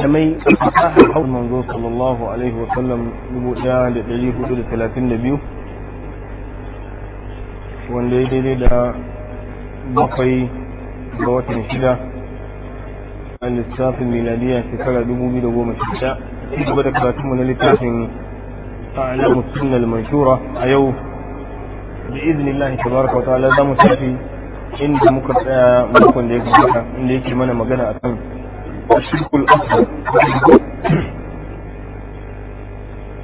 malamai fasahar haul manzo sallallahu alaihi wa sallam dubu ɗaya da dari hudu da talatin da biyu wanda ya daidai da bakwai ga watan shida a lissafin miladiya shekara dubu biyu da goma shida ci gaba da karatunmu na littafin alamu sunnal manshura a yau da izinin lahi tabaraka wa ta'ala za mu tafi inda muka tsaya makon da ya gabata inda yake mana magana a akan الشرك الأكبر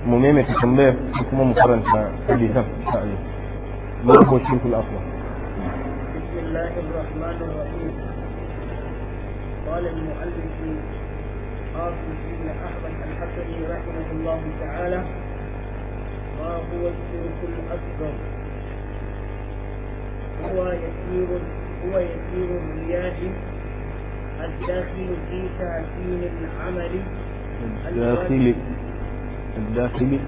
مميمة تسميه حكومة مقارنة حديثا يعني ما هو الشرك الأكبر بسم الله الرحمن الرحيم قال المؤلف قاسم بن أحمد الحسني رحمه الله تعالى ما هو الشرك الأكبر هو يسير هو يسير الرياح الداخل في الداخل الداخل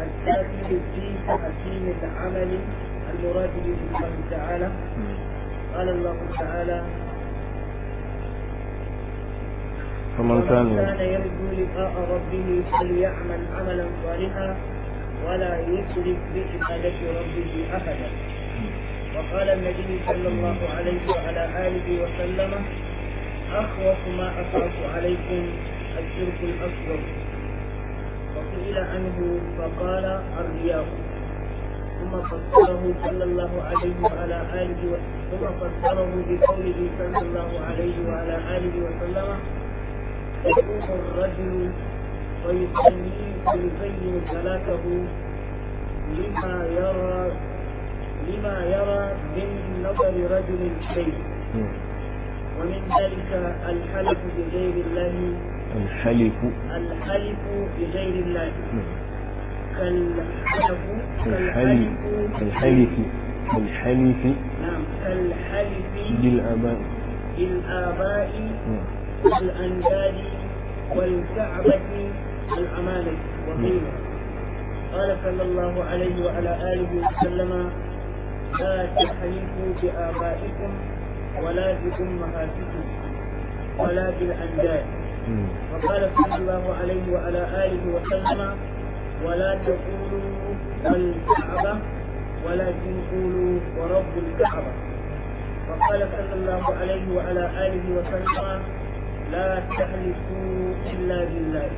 الداخل في تحسين العمل المراد به الله تعالى قال الله تعالى فمن كان كان يرجو لقاء ربه فليعمل عملا صالحا ولا يشرك بعبادة ربه أحدا وقال النبي صلى الله عليه وعلى آله وسلم أخوف ما أخاف عليكم الشرك الأكبر وسئل عنه فقال الرياء ثم فسره صلى الله عليه وعلى آله وسلم ثم فسره بقوله صلى الله عليه وعلى آله وسلم يقوم الرجل ويصلي ويبين صلاته لما يرى لما يرى من نظر رجل شيء ومن ذلك الحلف بغير الله الحلف الحلف بغير الله نعم. كالحلف كالحلف كالحلف كالحلف نعم كالحلف بالآباء بالآباء نعم. والأنجاد والكعبة الأمانة وغيرها نعم. قال صلى الله عليه وعلى آله وسلم لا تحلفوا بآبائكم ولا بأمهاتكم ولا بالأنداد وقال صلى الله عليه وعلى آله وسلم ولا تقولوا والكعبة ولكن قولوا ورب الكعبة وقال صلى الله عليه وعلى آله وسلم لا تحلفوا إلا بالله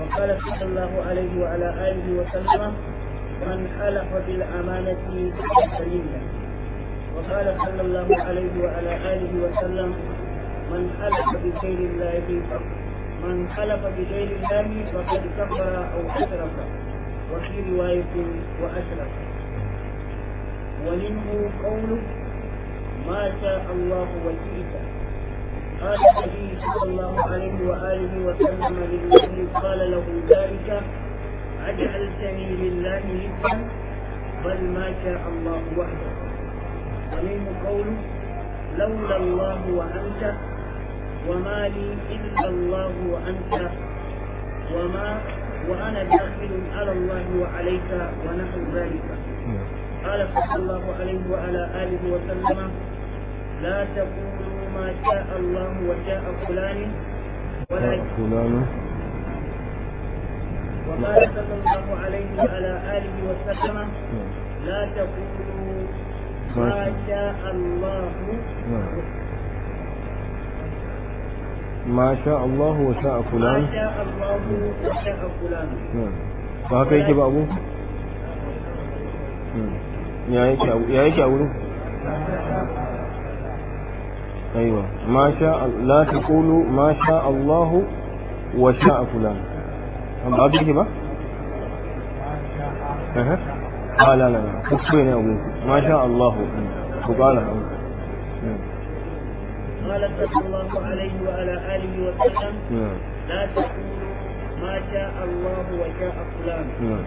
وقال صلى الله عليه وعلى آله وسلم من حلف بالأمانة فإنه وقال صلى الله عليه وعلى آله وسلم من حلف بغير الله من حلف بخير الله فقد كفر أو أشرك وفي رواية وأشرك ومنه قوله ما شاء الله وشئت قال النبي صلى الله عليه وآله وسلم للنبي قال له ذلك أجعلتني لله ندا بل ما شاء الله وحده ومنه قوله لولا الله وأنت وما لي إلا الله وأنت وما وأنا داخل على الله وعليك ونحو ذلك قال صلى الله عليه وعلى آله وسلم لا تقولوا ما شاء الله وشاء فلان ولا فلان وقال صلى الله عليه وعلى آله وسلم لا تقولوا ما شاء الله ما شاء الله وشاء فلان ما شاء الله وشاء فلان فهكا يجي بابو يا يجي أولو أيوة ما شاء لا تقولوا ما شاء الله وشاء فلان بعده بقى اها آه لا لا لا يا أبوكم ما شاء الله وقالها قال صلى الله عليه وعلى آله وسلم نعم. لا تقولوا ما شاء الله وشاء فلان نعم.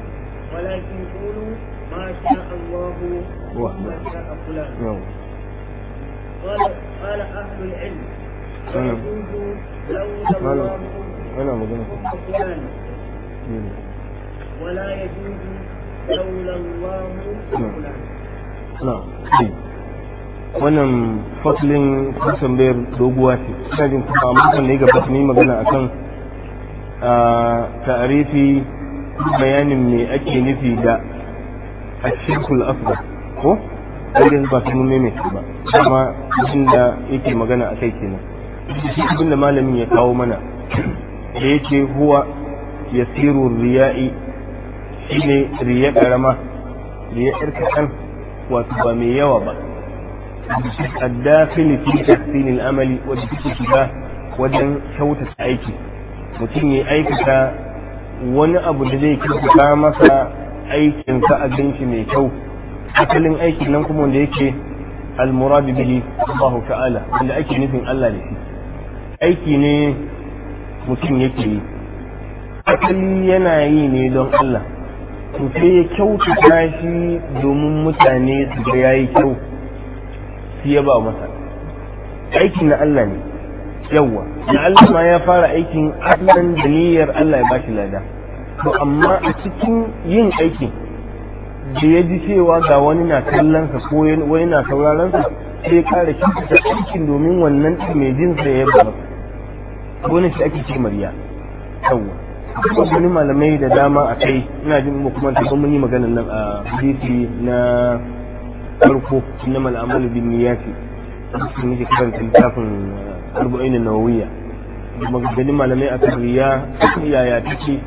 ولكن قولوا ما شاء الله وشاء فلان نعم. قال قال أهل العلم ويجوز لولا الله فلان wannan faslin kusan bayar doguwa ce ina jin kuma makon da ya gabata a magana akan ta'arifi bayanin me ake nufi da ashirkul asghar ko irin ba su mumme ba kuma abin da yake magana a kai kenan shi abin da malamin ya kawo mana da yake huwa yasiru riya'i shine riya karama riya irkakan wato ba mai yawa ba addafin fi tahsin amali wadda take shiga wajen kyautata aiki mutum ya aikata wani abu da zai kyautata masa aikinsa a ganci mai kyau asalin aikin nan kuma wanda yake almuradu bihi Allah wanda ake nufin Allah da shi aiki ne mutum yake yi asali yana yi ne don Allah to sai ya kyautata shi domin mutane su ga yayi kyau su ba masa aikin na Allah ne yawa na Allah ma ya fara aikin asalin da niyyar Allah ya bashi lada to amma a cikin yin aiki da ya ji cewa ga wani na kallon sa ko wani na sauraron sa sai kara da aikin domin wannan mai jinsa ya ba masa wannan shi ake ce mariya yawa kuma malamai da dama a kai ina jin mu kuma ta mun yi magana nan a hadisi na farko na mal'amal bin niyati sun yi kiran tafin arba'in nawawiyya magani malamai a kan riya yaya take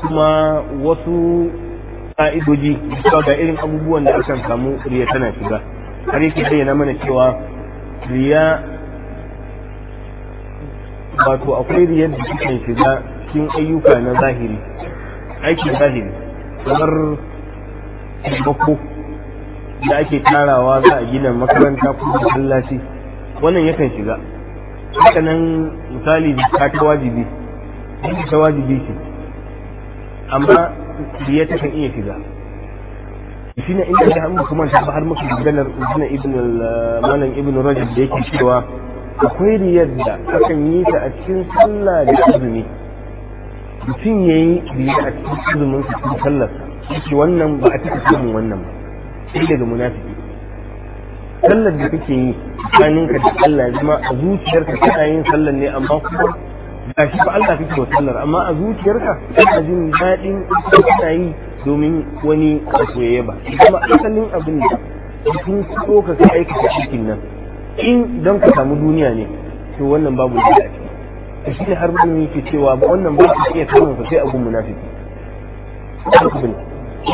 kuma wasu ka'idoji ga irin abubuwan da aka samu riya tana shiga har yake bayyana mana cewa riya wato akwai riyar da sukan shiga cikin ayyuka na zahiri aikin zahiri kamar taimako da ake tarawa za a gina makaranta ko masallaci wannan yakan shiga haka nan misali ta ta wajibi ta wajibi ce amma biya ta kan iya shiga shi ne inda ya hannu kuma ta har muka maganar ibn ibn malam ibn rajab da yake cewa akwai riyar da akan yi ta a cikin sallah da azumi mutum ya yi biyu a cikin azumin su cikin sallar yake wannan ba a cikin samun wannan ba sai daga munafiki sallar da kake yi tsakanin ka da Allah ya zama a zuciyarka kana yin sallar ne amma kuma ga shi ba Allah kake wa sallar amma a zuciyarka kana jin daɗin kana yi domin wani soyayya ba kuma asalin abin da mutum tsoka ka aikata cikin nan in don ka samu duniya ne to wannan babu da a ciki da har ne har yake cewa ba wannan ba su iya samun sa sai a gun munafiki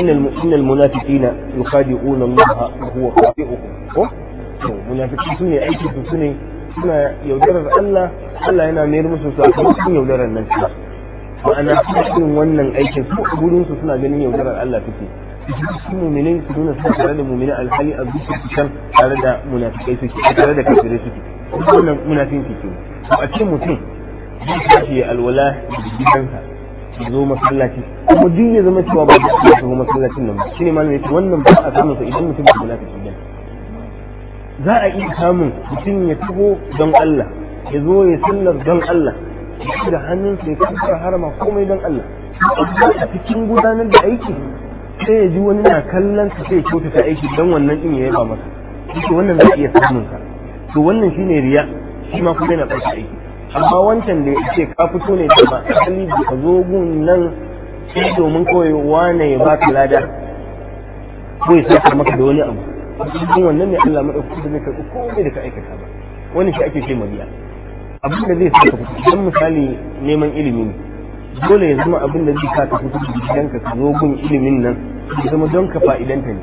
إن إن المنافقين يخادعون الله وهو خادعهم منافقين سنة أي شيء سنة سنة يودرر الله الله هنا مير مسوس سنة nan الناس ma'ana suna irin wannan aiki su a suna ganin yaudarar Allah take su muminai su nuna suna tare da mumina alhali a zuciya su tare da munafikai su tare da kafirai ke a cikin mutum zai tashi alwala da gidansa ya zo masallaci kuma duk ya zama cewa ba zai zo masallacin nan shine malam yace wannan ba a samu sa idan mutum kula da ne za a iya samun mutum ya taho don Allah ya zo ya sallar don Allah da da sai ya fara harama komai don Allah a cikin gudanar da aiki sai ya ji wani na kallon sa sai ya ta aiki don wannan din ya yaba masa shi wannan zai iya samun sa to wannan shine riya shi ma kuma yana ɓata aiki amma wancan da ya ce ka fito ne da ba asali da ka zo gun nan shi domin kawai wane ya baka lada ko ya saka maka da wani abu cikin wannan ne Allah madaukaki da zai karɓi komai da ka aikata ba wani shi ake ce mabiya abin da zai saka fito dan misali neman ilimi ne dole ya zama abin da zai sa ka fito gidan ka zo gun ilimin nan ya zama don ka fa'idanta ne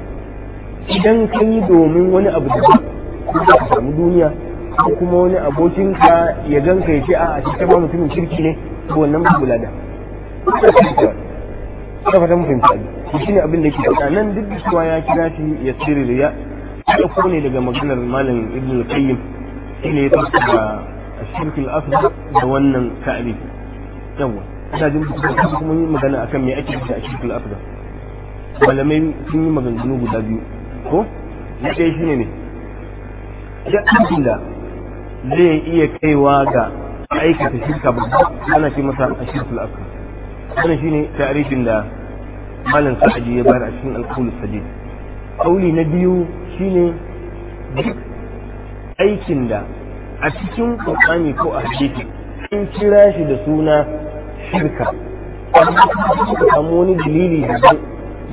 idan ka yi domin wani abu da ka samu duniya ko kuma wani abokinka ya ganka ya ce a shi ma mutumin kirki ne ko wannan ba bulada ta fata mun fahimta ne shi ne abin da yake faɗa nan duk da cewa ya kira shi ya tsiri riya ya ko ne daga maganar malam ibn al-qayyim shi ne ya fassara al-asr da wannan ta'rif yawa ina jin kuma yin magana akan me ake da shirkul asghar malamai sun yi maganganu guda biyu ko na ɗaya shi ne ne ya abin da zai iya kaiwa ga aikata shirka babba ana ce masa a shirkul akbar shi ne tarihin da malam sa'adi ya bayar a cikin alkulis sadid kauli na biyu shi ne duk aikin da a cikin qur'ani ko a hadisi an kira shi da suna shirka amma kuma ka samu wani dalili da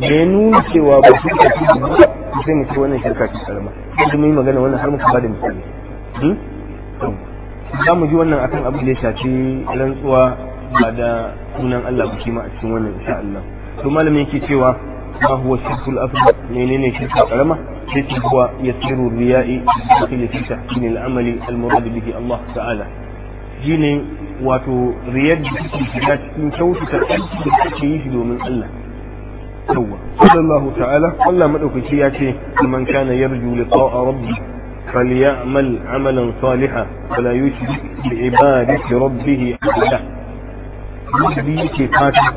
ya nuna cewa ba su ka ba? su sai mu ce wannan shirka ta karama sai mu yi magana wannan har muka ba da misali hmm? za mu ji wannan akan abin da ya shafi rantsuwa ba da sunan Allah ba shi ma a cikin wannan insha Allah to malamin yake cewa ma huwa shirkul afdal menene karama sai ce huwa yasiru riya'i dakhil al-murad bihi Allah ta'ala shine wato da shiga cikin aiki da yi shi domin Allah sallallahu ta'ala Allah madaukaki ya ce man kana yarju liqa'a فليعمل عملا صالحا ولا يشرك بعبادة ربه أحدا يجري في فاتح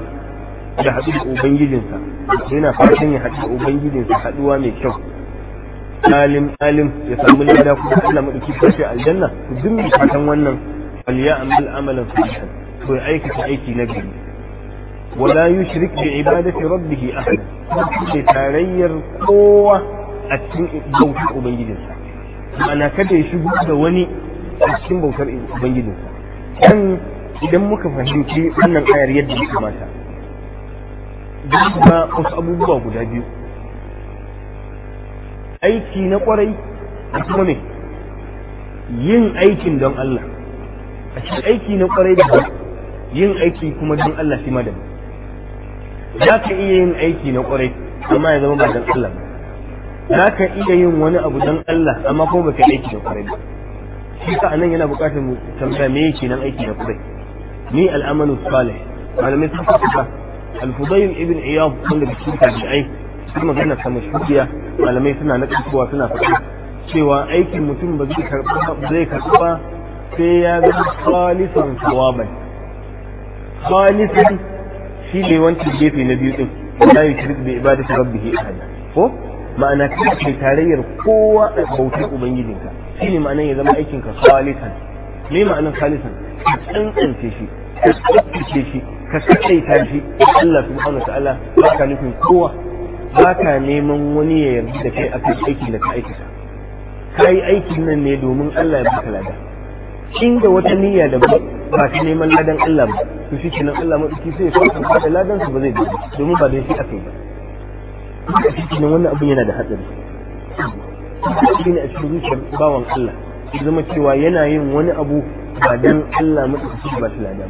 يحدث أبن جدنسا هنا فاتح يحدث أبن جدنسا حدوا من شو عالم عالم يسلم الله لك وعلم الكتاب في الجنة ذمي فاتح وانا فليعمل عملا صالحا ويعيك تعيكي نبي ولا يشرك بعبادة ربه أحدا يتغير قوة أتنقل بوجه أبن جدنسا ma'ana kada ya shigo da wani a cikin bautar ubangijinsa dan idan muka fahimci wannan ayar yadda ya kamata za ku wasu abubuwa guda biyu aiki na kwarai a kuma ne yin aikin don Allah a cikin aiki na kwarai da yin aiki kuma don Allah shi ma za ka iya yin aiki na kwarai amma ya zama ba don Allah ba za ka iya yin wani abu don Allah amma kuma baka aiki da kwarai ba shi ka anan yana bukatar mu tambaya me yake nan aiki da kwarai ni al'amalu salih malamai sun faɗa al-fudayl ibn iyad wanda da cikin tabi'ai sun magana ta mashhuriya malamai suna na kasuwa suna faɗa cewa aikin mutum ba zai karɓa zai karɓa sai ya ga khalisan sawaban khalisan shi ne wancan gefe na biyu din la yushrik bi ibadati rabbihi ahada ko ma'ana kuma ke tarayyar kowa a bautar ubangijinka shine ma'anar ya zama aikinka ka ne me ma'anar khalisan ka tsantsance shi ka tsantsance shi ka kaɗaita shi Allah subhanahu wa ta'ala ba ka nufin kowa ba ka neman wani ya yarda da kai akan aikin da ka aikata ka yi aikin nan ne domin Allah ya baka lada inda wata niyya da ba ta neman ladan Allah ba to shi kenan Allah maɗauki sai ya fara da ladan su ba zai domin ba da shi aka yi ba cikin wannan abin yana da hatsari shi ne a cikin zuciyar bawan Allah ya zama cewa yana yin wani abu ba dan Allah madaukaki ba shi lada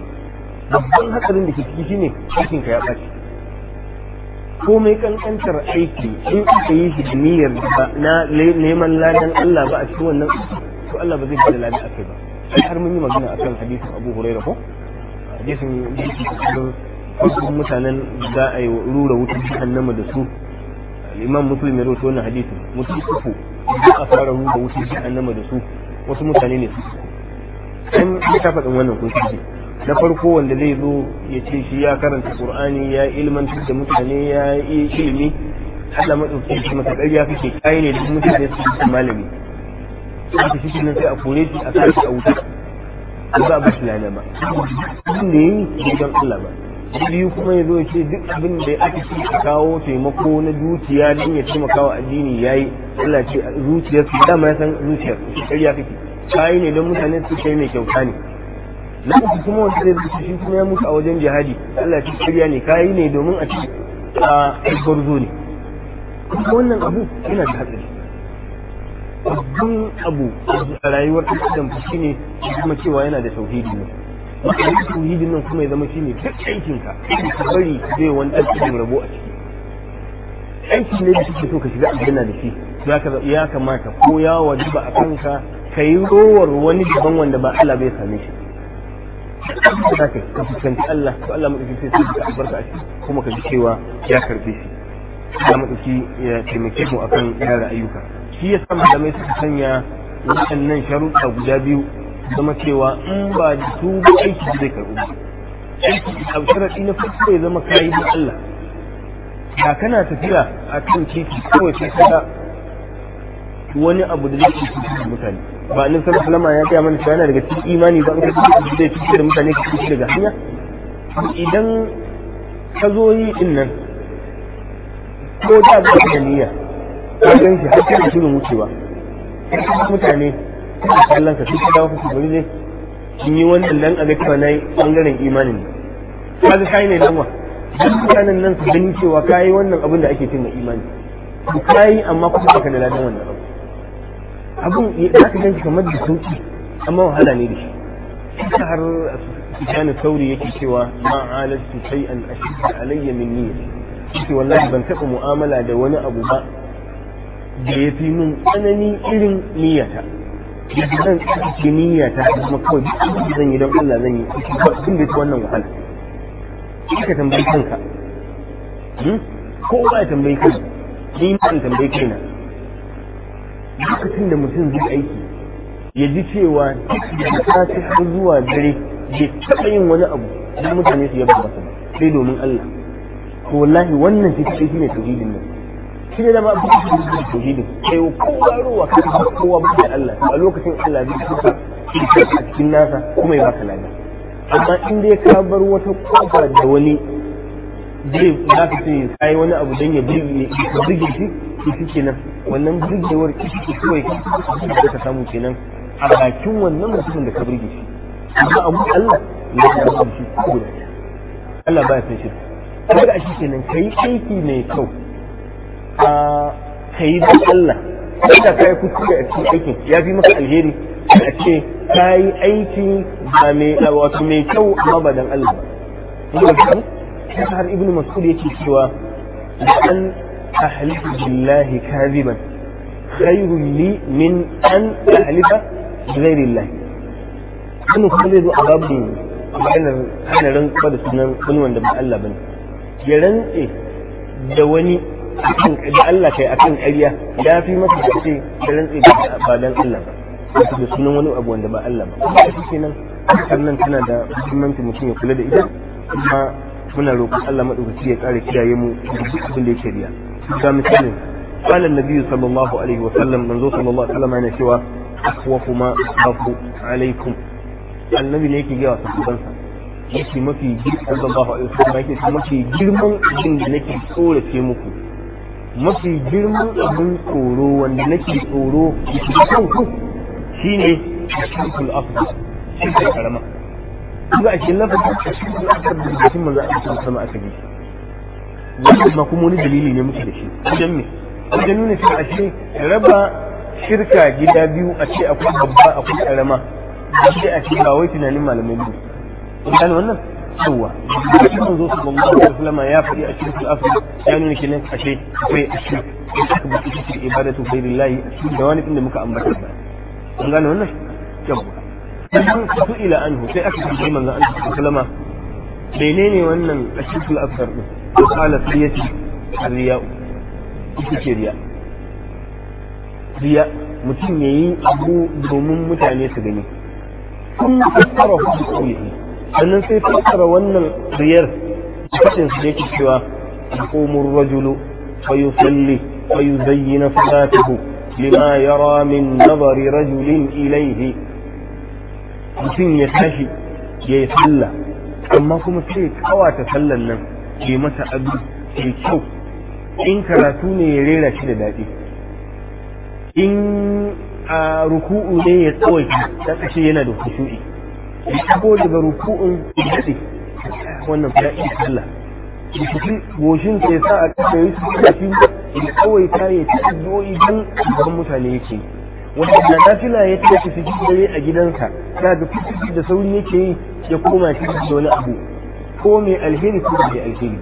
ba babban hatsarin da ke ciki shine aikin ya ɓaci komai kankantar aiki in aka yi shi da niyyar na neman ladan Allah ba a cikin wannan to Allah ba zai bada a akai ba har mun yi magana akan hadisin Abu Hurairah ko hadisin da yake cikin mutanen da a yi rura wutar jahannama da su imam muslim ya rawaito wannan hadisi mutum uku da aka fara ruba wuce jahannama da su wasu mutane ne su an ta faɗin wannan kun shi na farko wanda zai zo ya ce shi ya karanta qur'ani ya ilmantar da mutane ya yi ilimi Allah madauki shi masa ya kake kai ne da mutane su yi malami haka shi nan sai a kore shi a kai a wuta ba ba shi lana ba ne don Allah ba biyu kuma ya zo ya ce duk abin da aka ce ka kawo taimako na dukiya don ya taimaka wa addini ya yi Allah ce zuciyar su dama ya san zuciyar su karya kake kayi ne don mutane su kai mai kyauta ne na uku kuma wanda zai zuci shi kuma ya mutu a wajen jihadi Allah ce karya ne kayi ne domin a ce a gwarzo ne kuma wannan abu yana da hatsari babban abu a rayuwar ɗan adam shi ne kuma cewa yana da tauhidi ne ma'anar tauhidin nan kuma ya zama ne duk aikinka ka bari zai wani ɗan cikin rabo a ciki aiki ne da kake so ka shiga aljanna da shi ya kamata ko ya wajiba a kanka ka yi rowar wani daban wanda ba Allah bai same shi za ka ka fuskanci Allah to Allah madauki sai sai ka albarka a ciki kuma ka ji cewa ya karbe shi Allah ya taimake mu akan yara ayyuka shi ya sa malamai suka sanya waɗannan sharuɗa guda biyu zama cewa in ba da su ba aiki zai karɓu ba a sharaɗi na farko ya zama kayi ba Allah da kana tafiya a kan titi kawai sai kaga wani abu da zai cutar da mutane ba annabi sallallahu alaihi wasallam ya gaya mana cewa yana daga cikin imani ba in ka ci abu zai cutar da mutane ka cutar daga hanya idan ka zo yi din nan ko da ba da niyya ka gan shi har kai shirin wucewa mutane da kallon ka shi ka dawo ka bari ne in yi wannan dan a ga cewa nayi bangaren imanin ne kaga kai ne dan wa duk mutanen nan su gani cewa kai wannan abin da ake cin imani to kai amma kuma ka da ladan wannan abu abun da ka ganci kamar da sauki amma wahala ne da shi ta har sufyan sauri yake cewa ma alatu shay'an ashidda alayya min niyyati shi wallahi ban taɓa mu'amala da wani abu ba da ya fi min tsanani irin niyyata yadda zan tsarki niyya ta kuma kawai duk abin da zan yi don Allah zan yi abin da ya wannan wahala shi ka tambayi kanka hmm? kowa ya tambayi kanka ni ma in tambayi kaina lokacin da mutum zai aiki ya ji cewa duk da ta har zuwa dare bai taɓa yin wani abu don mutane su yaba masa sai domin Allah to wallahi wannan shi ne tauhidin nan shi ne da ma hidin sai kowa ruwa kan kowa ba da Allah a lokacin Allah zai kuka a cikin nasa kuma ya baka lada amma in dai ka bar wata kofa da wani zai za ka ce kai wani abu dan ya burge shi ke shi kenan wannan burgewar ita ce kawai da ka samu kenan a bakin wannan mutumin da ka burge shi amma abu Allah ya yi shi ko da Allah ba ya san shi kaga shi kenan yi aiki mai kyau ka yi don Allah da ka yi kuskure a cikin aikin ya fi maka alheri a ce ka yi aiki ba wato mai kyau amma ba dan Allah ba haka har ibnu mas'ud yake cewa an ahlifu billahi kaziban khairun li min an ahlifa ghairi wannan kuma zai zo a babu maganar hana rantsuwa da sunan wani wanda ba Allah bane ya rantse da wani akan da Allah kai akan ƙarya ya fi masa da ce da rantsi ba dan Allah ba wato da sunan wani abu wanda ba Allah ba kuma shi kenan sannan tana da muhimmanci mutum ya kula da ita kuma muna roƙon Allah madaukaki ya ƙara kiyaye mu da duk abin da yake riya ga misalin قال النبي صلى الله عليه وسلم صلى الله عليه وسلم سوى أخوف ما أخاف عليكم النبي ليك yake mafi girman da yake mafi girman da nake tsorace muku mafi girman abin tsoro wanda nake tsoro da kan ku shine shirkul afirka shi ne karama kuma a lafa lafazin shirkul afirka da jikin manzo Allah sallallahu alaihi wasallam aka wannan ma kuma wani dalili ne muke da shi wajen me wajen nuna cewa a shi raba shirka gida biyu a ce akwai babba akwai karama da shi a ce ba wai tunanin malamai biyu kun wannan zo su manzo sallallahu alaihi wasallam ya fadi a cikin asr ya nuna kenan ashe akwai ashe aka bi cikin ibadatu ghairillahi da wani inda muka ambata ba an gane wannan yawa sannan su ila anhu sai aka tambayi manzo Allah sallallahu alaihi bene ne wannan a ashirkul asr din qala siyati riya ita ce riya riya mutum yayi abu domin mutane su gani kuma kun fassara hukunci sannan sai fassara wannan riyar fadin su yake cewa yaqumur rajulu fa yusalli fa yuzayyina salatahu lima yara min nazari rajulin ilayhi mutum ya tashi ya yi amma kuma sai kawata sallan nan ke mata abu ke kyau in karatu ne ya rera shi da daɗi in a ruku'u ne ya tsawaita ta ƙashe yana da kushu'i Ko daga ruku'un daɗe wannan fa ya sallah cikin goshin sai sa a cikin yi su da fi kawai ta yi ta addu'o'i don gaban mutane yake wanda da nafila ya tafi cikin dare a gidansa na ga kusurci da sauri yake yi ya koma cikin da wani abu ko mai alheri ko mai alheri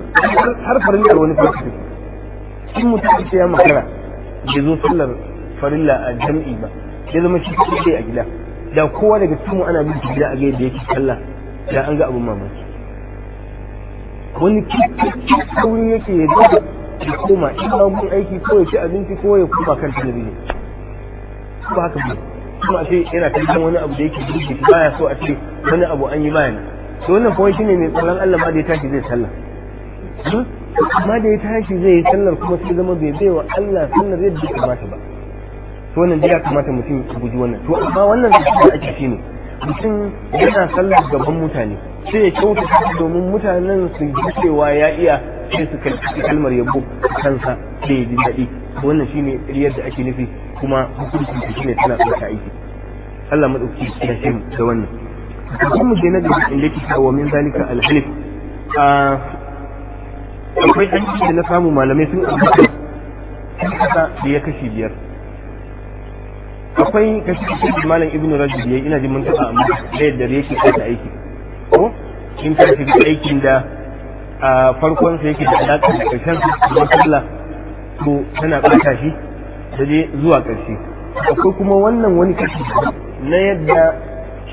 har farin da wani farko in mutum ya makara bai zo sallar farilla a jam'i ba ya zama shi kaɗai a gida da kowa daga cikin ana bin gida a gaida yake kalla, da an ga abin mamaki wani kikkin yake ya zo ya koma in mun aiki ko ya ci abinci ko ya kuma kan talabijin ba haka ba kuma a ce yana kallon wani abu da yake jirgi baya so a ce wani abu an yi bayani to wannan kawai shine mai tsaron Allah ma da ya tashi zai sallah hmm? amma da ya tashi zai yi sallar kuma sai zama bai bai wa Allah sallar yadda ya kamata ba to wannan ya kamata mutum ya guji wannan to amma wannan da ake shi ne mutum yana sallar gaban mutane sai ya kyauta domin mutanen su ji ya iya sai su kalli kalmar yabo kansa sai ya ji daɗi wannan shi riyar da ake nufi kuma hukuncin shi ne tana ɗauka aiki Allah madauki ya ce mu da wannan kuma mu je na da inda yake wa min zalika alhalif a akwai hanyoyi da na samu malamai sun ambata da ya kashi biyar akwai kashi kashi da malam ibnu rajab yayi ina jin mun taba amma da yadda yake kai aiki ko in ka shiga aikin da a farkon sa yake da alaƙa da ƙarshen sa kalla to tana ɓata shi da je zuwa ƙarshe akwai kuma wannan wani kashi na yadda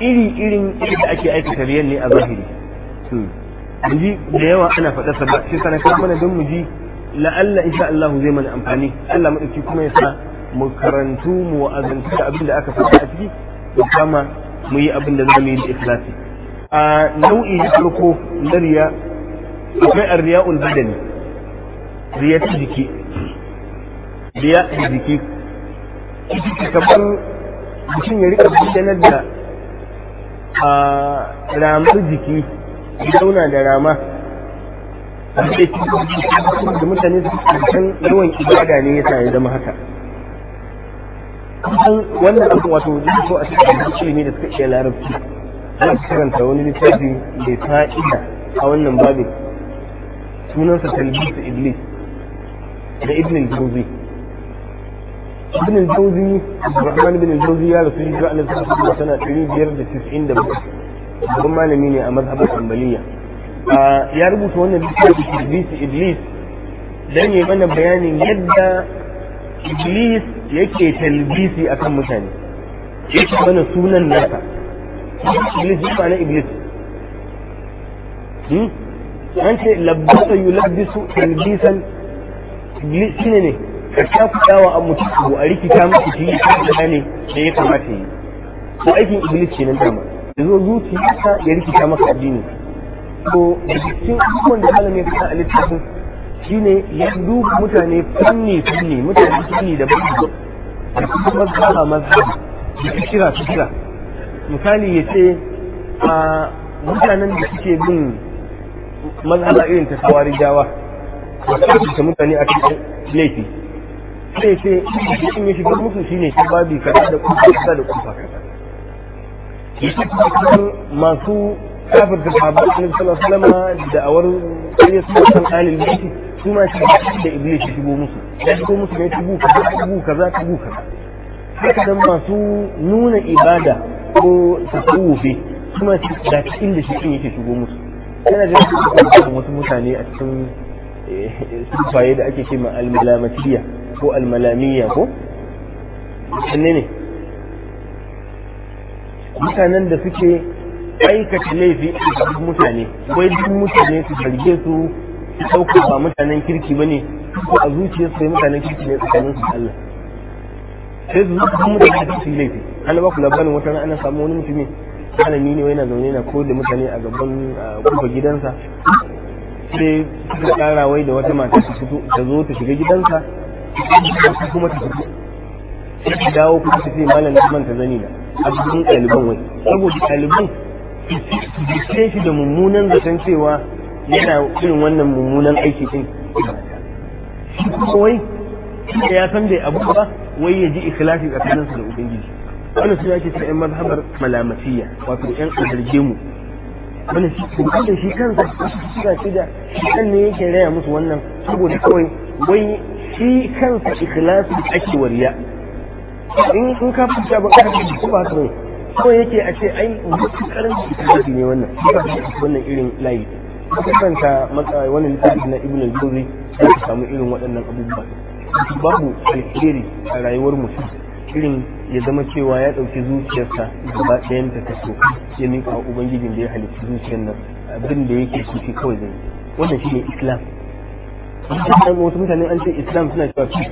iri irin yadda ake aikata biyan ne a zahiri hmm. mu da yawa ana faɗa sa ba shi sana mana don mu ji la'alla insha Allah zai mana amfani Allah madauki kuma ya sa mu karantu mu azanci abin da aka faɗa a ciki mu kama mu yi abin da za mu yi da ikhlasi a nau'i na farko na riya akwai ul badani riya ta jiki riya ta jiki ita kamar mutum ya rika bayyanar da a ramar jiki ya zauna da rama da mutane su kan yawan ibada ne ya sa ya zama haka wannan abin wato zai so a cikin ne da suka iya larabci zan karanta wani littafi mai fa'ida a wannan babin sunansa talbisu iblis da ibn jauzi ibn jauzi rahman ibn jauzi ya rasu hijira alaihi salatu wa sana 597 babban malami ne a mazhabar hanbaliya ya rubuta wannan littafi talbisu iblis dan yi mana bayanin yadda iblis yake talbisi akan mutane yake mana sunan nasa iblis ba na iblis hmm? an ce labbasa yulabbisu talbisan iblis shine ne ka shafuɗawa a mutu abu a rikita miki shi ya ne da ya kamata yi ko aikin iblis ke nan dama ya zo zuciyarsa ya rikita maka addini to da cikin abubuwan da malam ya fita a littafin shine ya duba mutane fanni fanni mutane fanni da babu da kuma mazhaba mazhaba da su kira misali ya ce a mutanen da suke bin mazhaba irin ta tawari jawa da mutane a cikin laifi sai ce in ya shiga musu shine shi babi kaza da kuma kaza da kuma kaza yake kuma masu kafir da babu sallallahu alaihi wasallam da awar sai su san alil mutum su ma shi da iblis ya shigo musu ya shigo musu ne tubu kaza tubu kaza tubu kaza haka dan masu nuna ibada ko tasawufi su ma shi da cikin da shi yake shigo musu yana da wasu mutane a cikin eh, sufaye da ake ce ma almalamatiya ko almalamiya ko sanne ne mutanen da suke aikata laifi a mutane wai duk mutane su zarge su su ɗauka ba mutanen kirki ba ne ko a zuciyar sai mutanen kirki ne tsakanin su Allah sai su zuci kuma mutanen su yi laifi ana ba ku labarin wata ana samu wani mutumi malami ne yana zaune na ko da mutane a gaban kofar gidansa sai suka kara wai da wata mata ta zo ta shiga gidansa kuma ta fito sai ta dawo kuma ta ce malam na manta zani na a cikin ɗaliban wai saboda ɗaliban su shi da mummunan zaton cewa yana irin wannan mummunan aiki din shi kuma wai da ya san bai abu ba wai ya ji ikhlasi tsakaninsa da ubangiji wannan suna ake ta yan mazhabar malamatiya wato yan azarge mu wani shi shi kansa suna shi da shi kan ne yake raya musu wannan saboda kawai wai shi kansa ikhlasi ake wariya in in ka fi ba ka fi ko ba kawai kawai yake a ce ai mutu karin ikhlasi ne wannan shi ba wannan irin layi matsayi wani littafi na ibn al-juri za ka samu irin waɗannan abubuwa babu alheri a rayuwar mutum irin ya zama cewa ya ɗauki zuciyarsa gaba ɗayan ta kaso ya miƙa ubangijin da ya halitta zuciyar nan abin da yake kifi kawai zai wannan shine islam wasu mutane an ce islam suna cewa peace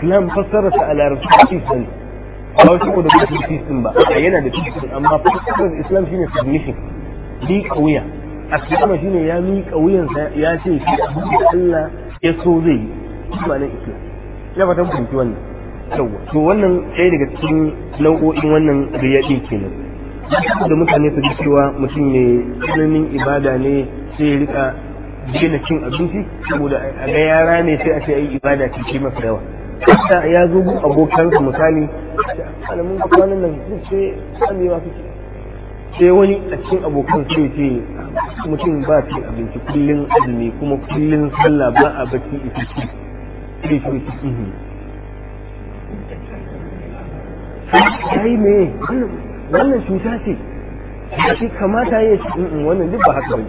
islam fassararsa a larabci peace ne ba wasu ko da peace din ba yana da peace amma fassara islam shine submission bi kauya Asiyama shine ya miƙa wuyansa ya ce shi abin da Allah ya so zai yi ma'anar islam ya fatan fahimci wannan yawa to wannan ɗaya daga cikin nau'o'in wannan riyaɗin kenan da mutane su ji cewa mutum ne tsananin ibada ne sai ya rika gina cin abinci saboda a ga yara ne sai a ce ai ibada ce ce masa yawa ya zo abokansa misali alamun kwanan nan sai sai amewa kake sai wani a cikin abokan sai ce mutum ba cin abinci kullum azumi kuma kullum sallah ba a bacci ita ce sai ce ce mhm. ihi sai me wannan cuta ce shi kamata ya ce mhm, wannan duk ba haka bane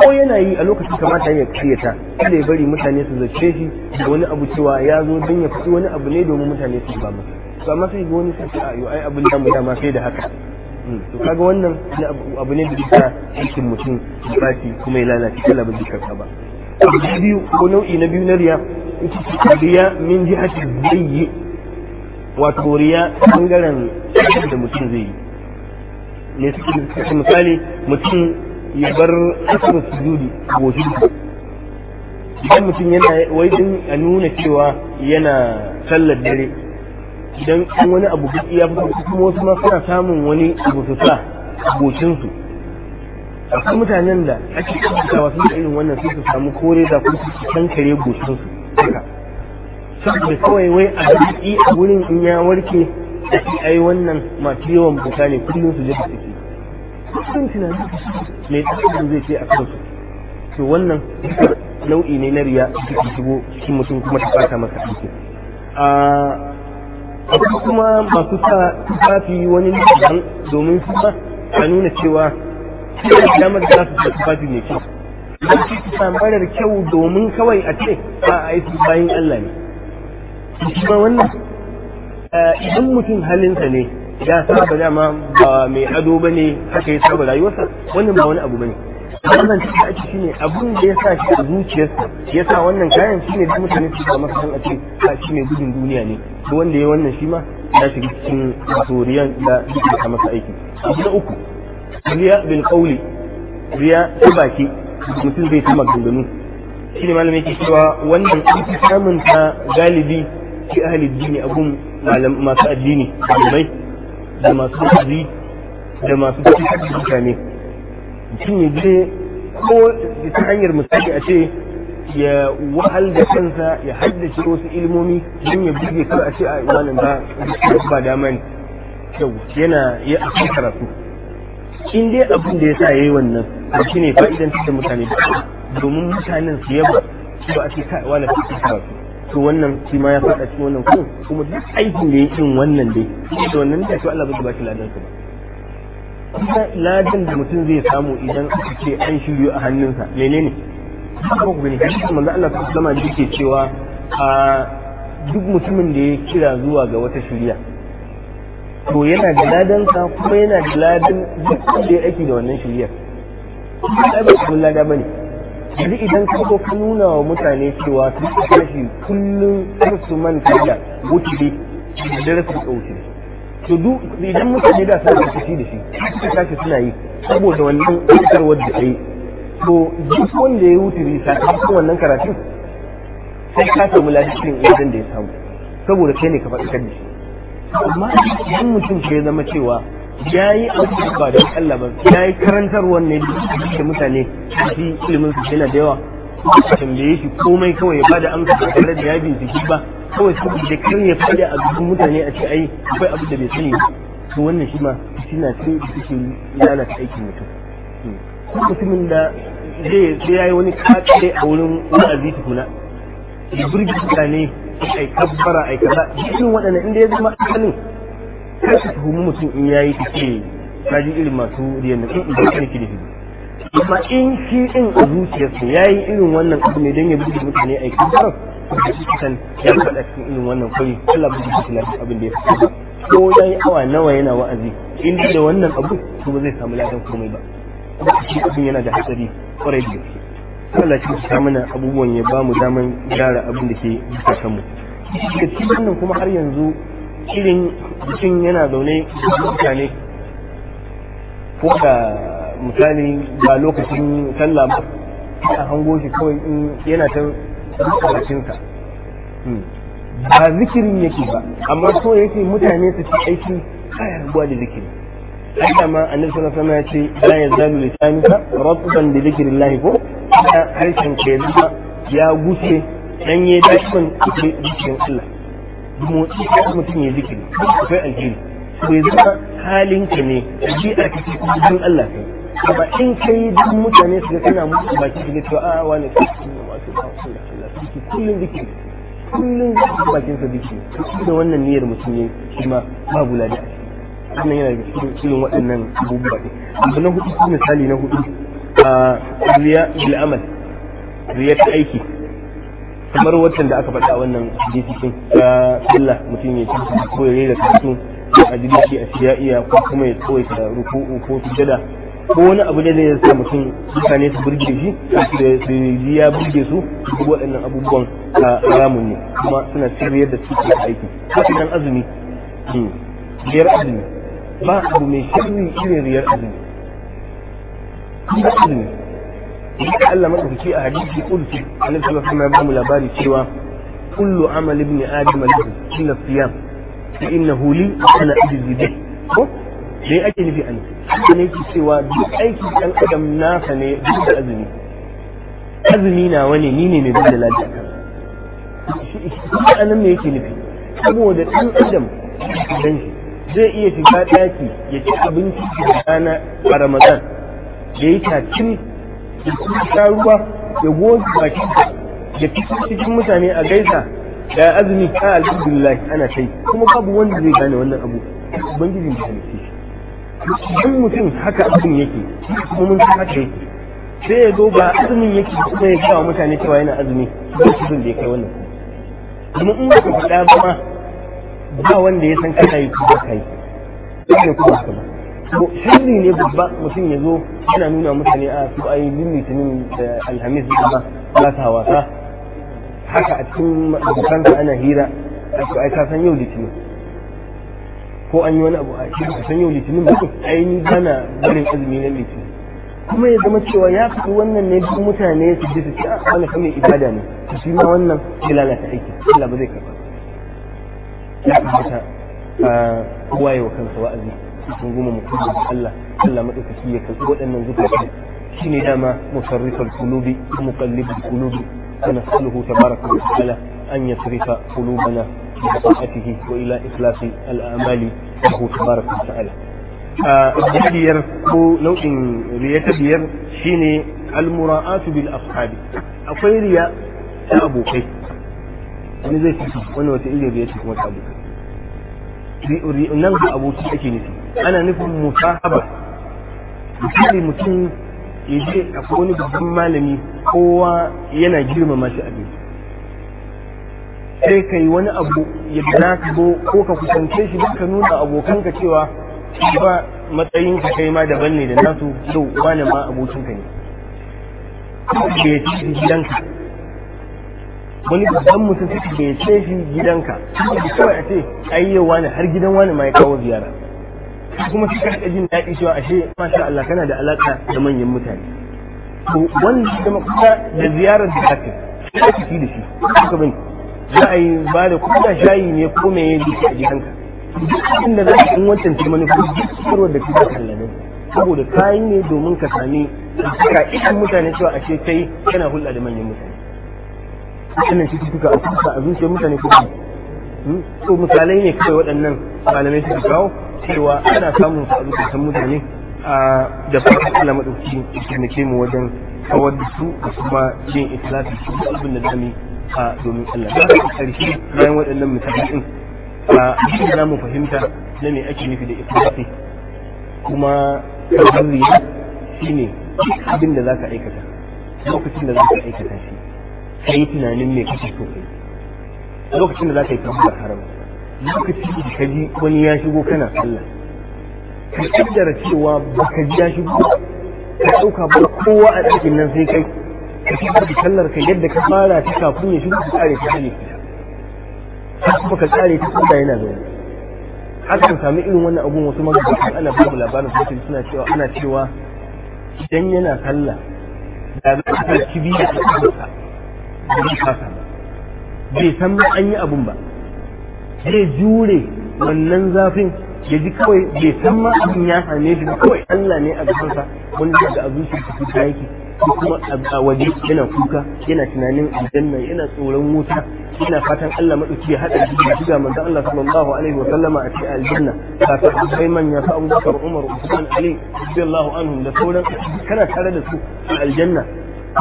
ko yana yi a lokacin kamata ya kiyata kada bari mutane su zace shi da wani abu cewa ya zo don ya fito wani abu ne domin mutane su ba masa to amma sai ga wani sai a yi abin da mu dama sai da haka to kaga wannan abu ne da duka aikin mutum shi kuma ya lalace kala ba duka ba abu biyu ko nau'i na biyu na riya ita riya min jihati zayyi wato riya bangaren da mutum zai yi ne suke misali mutum ya bar asirin sujudi a wajibta idan mutum yana wai din a nuna cewa yana sallar dare idan an wani abu duk ya fito kuma wasu ma suna samun wani abu a sa akwai mutanen da ake kasancewa wasu da irin wannan sai su samu kore da kuma su kankare goshin haka saboda kawai wai a jiki a wurin in ya warke a ci ai wannan masu yawan buka ne kullum su je su ciki kullum tunani mai tsarin zai ce a kansu to wannan nau'i ne na riya da ke shigo cikin mutum kuma ta fata masa aiki ah, akwai kuma masu sa tufafi wani nufin domin su ba a nuna cewa suna da damar da za su sa tufafi mai kyau idan su su sa marar kyau domin kawai a ce ba a yi su bayan Allah ne kuma wannan eh, idan mutum halinsa ne ya saba dama ba mai ado ba ne haka ya saba rayuwarsa wannan ba wani abu ba ne wannan ta ake shi ne abin da ya sa shi a zuciyarsa ya sa wannan kayan shi ne da mutane su kama su a ce a ah, shi ne gudun duniya ne duk wanda ya wannan shi ma ya shiga cikin soriyan da suke kama masa aiki a na uku riya bin kauli riya ta baki mutum zai ta ganganu shi ne malamai ke cewa wannan an samun ta galibi fi ahli dini abun masu addini da masu da masu cikin mutum ya je ko ta hanyar misali a ce ya wahal da kansa ya haddace wasu ilmomi don ya buge kar a ce a imanin ba ba dama ne kyau yana ya kan karatu in dai abin da ya sa ya yi wannan shi ne fa'idan da mutane domin mutanen su yaba ba a ce ka wala karatu to wannan shi ma ya faɗa cikin wannan ko kuma duk aikin da ya yi wannan dai da wannan da to Allah bai ba shi ladan ba ladan da mutum zai samu idan aka ce an shirya a hannunsa menene haka ku gani hadisin manzo Allah ta alaihi wasallam yake cewa a duk mutumin da ya kira zuwa ga wata shirya to yana da ladan sa kuma yana da ladan duk da ya aiki da wannan shiryar ba ba kuma lada bane yanzu idan ka zo ka nuna wa mutane cewa su kashi kullum kar su manta da wuce da darasin tsauci to du idan mutane da su da kashi da shi suka tashi suna yi saboda wannan wutarwar da kai to duk wanda ya wuturi sakamakon wannan karatun sai ka samu lafiyar idan da ya samu saboda kai ne ka faɗi kan shi amma idan mutum ke zama cewa ya yi abubuwa ba da Allah ba ya yi karantarwar ne da mutane shi ilimin su yana da yawa tambaye shi komai kawai ya bada amsa ba da ya binciki ba kawai su da kan ya fada a cikin mutane a ce ai akwai abu da bai sani to wannan shi ma suna sai da suke lalata aikin mutum hmm. ko mutumin da zai sai yayi wani kakare a wurin wa'azi tukuna ya burge mutane ai kabbara ai kaza cikin waɗannan inda ya zama asalin kar ka tuhumi mutum in yayi ta ce kaji irin masu riyan da in da kake da shi amma in shi din a zuciyarsa ya yi irin wannan abu ne don ya burge mutane ai kabbara kusan ya faɗa cikin irin wannan kwari Allah ba zai lafi abin da ya faɗa ko ya yi awa nawa yana wa'azi in da wannan abu to ba zai samu ladan komai ba kuma shi abin yana da hatsari kwarai da gaske Allah shi ta mana abubuwan ya ba mu daman gyara abin da ke bisa mu da cikin wannan kuma har yanzu irin bikin yana zaune da mutane ko da misali ba lokacin sallah ba a hango shi kawai in yana ta kamacinsa hmm. ba zikirin yake ba amma so yake mutane su ci aiki kayar ruwa da zikiri ai ma annabi sallallahu alaihi wasallam ya ce la yazalu lisanuka rabban bi zikrillah ko ya harshen ka ya ya guce dan ya dashman zikirin Allah motsi ka mutum ya zikiri akwai alheri to ya zama ka ne ɗabi'a ka ce kuma don Allah kai amma in kai duk mutane su ga kana mutu ba su ga cewa a wani kai masu ba kullum zikiri kullum a bakin sa zikiri da wannan niyyar mutum ya shi ma babu lada wannan yana cikin waɗannan abubuwa ne abu na hudu misali na hudu a riya bil amal riya ta aiki kamar watan da aka faɗa a wannan hadisi ta sallah mutum ya ci ko ya rera karatu a jirgi a siya ko kuma ya tsawaita ruku'u ko sujada ko wani abu ne zai sa mutum mutane su burge shi su yi ya burge su su waɗannan abubuwan a ah, ramun ne kuma suna sirriyar da suke aiki haka nan azumi hmm. riyar azumi ba abu mai shirin irin riyar azumi kuma azumi da Allah maka madaukaki a hadisi kulsi annabi sallallahu alaihi wasallam ya ba mu labari cewa kullu amal ibn adam lahu illa siyam fa innahu li ana ajzi bih Me ake nufi a an haka ne ke cewa duk aikin ɗan adam nasa ne duk da azumi azumi na wani ni ne mai bin da lafiya shi a nan me yake nufi saboda ɗan adam dan shi zai iya shiga ɗaki ya ci abinci da rana a ramadan ya yi tacin ya sha ruwa ya goge bakin ya fito cikin mutane a gaisa da azumi ta alhamdulillah ana kai kuma babu wanda zai gane wannan abu ubangiji ne halitta shi idan mutum haka abin yake kuma mun ta haka yake sai ya zo ba azumin yake kuma ya gawa mutane cewa yana azumi ba su zun da ya kai wannan kuma in ba ka faɗa ba ma ba wanda ya san kana yi kuma kai ne kuma haka ba to sirri ne babba mutum ya zo yana nuna mutane a ah, su ai litinin da alhamis ba ba ta wasa haka a cikin abokansa ana hira a ah, ai ka san yau litinin ko an yi wani abu a cikin san yau litinin bakwai ainihin bana barin azumi na litinin kuma ya zama cewa ya fi wannan ne duk mutane su ji su ce a ah, wani kamar ibada ne su shi ma wannan ya lalata aiki Allah ba zai karɓa ya kamata kowa wa kansa wa'azi sun goma mutum da Allah Allah maɗaukaki ya karɓi waɗannan zukatan shi ne dama musarrifar kulubi muqallibul kulubi ونسأله تبارك وتعالى أن kulu bana. بطاعته وإلى إخلاص له تبارك وتعالى ko nau'in riya shine almura'atu aboki ake nufi ana nufin musahaba misali mutum babban malami kowa yana girmama sai ka yi wani abu yadda na ka zo ko ka kusance shi duka nuna abokanka cewa ba matsayin ka kai ma daban ne da nasu yau wani ma abokinka ne da ya shi gidanka wani babban mutum suke da ce shi gidanka da kawai a ce ai yau wani har gidan wani ma ya kawo ziyara kuma suka haɗa jin daɗi cewa ashe masha Allah kana da alaƙa da manyan mutane to wanda da makuta da ziyarar da ake sai ake da shi haka bani. za a yi ba da kuɗa shayi ne ko me yin a gidanka duk abin da za ka in wancan ce manufa duk kirwar da kuka kallanin saboda kayi ne domin ka sami ka ikin mutane cewa a ce kai kana hulɗa da manyan mutane wannan cututtuka a kusa a zuciyar mutane ko hmm? so misalai ne kawai waɗannan malamai suka kawo cewa ana samun su a zuciyar mutane da fatan Allah madauki ya taimake mu wajen kawar da su da kuma yin itlafi su abin da zamu a domin Allah da haka karshe bayan waɗannan misali din a cikin namu fahimta na me ake nufi da ikhlasi kuma tabarri shine abin da zaka aikata lokacin da zaka aikata shi kai tunanin me kake so kai lokacin da zaka yi tabbata haram lokacin da kaji wani ya shigo kana sallah ka kaddara cewa baka ji ya shigo ka dauka ba kowa a cikin nan sai kai ka shigar da sallar ka yadda ka fara ta kafin ya shigo ka tsare ta hali ka kuma ka tsare ta kuma yana zaune akan sami irin wannan abun wasu magabata ana ba mu labarin kuma suna cewa ana cewa idan yana sallah da zai ka kibiya a kansa bai kasa ba bai san ma an yi abun ba zai jure wannan zafin ya ji kawai bai san ma abin ya same shi ba kawai Allah ne a gabansa wanda da abin shi ta yake ko kuma a waje yana kuka yana tunanin aljanna yana tsoron wuta yana fatan Allah madauki ya hada shi shiga manzo Allah sallallahu alaihi wa sallama a cikin aljanna kafin akwai manya fa Abu Umar Usman Ali radiyallahu anhum da sauran kana tare da su a aljanna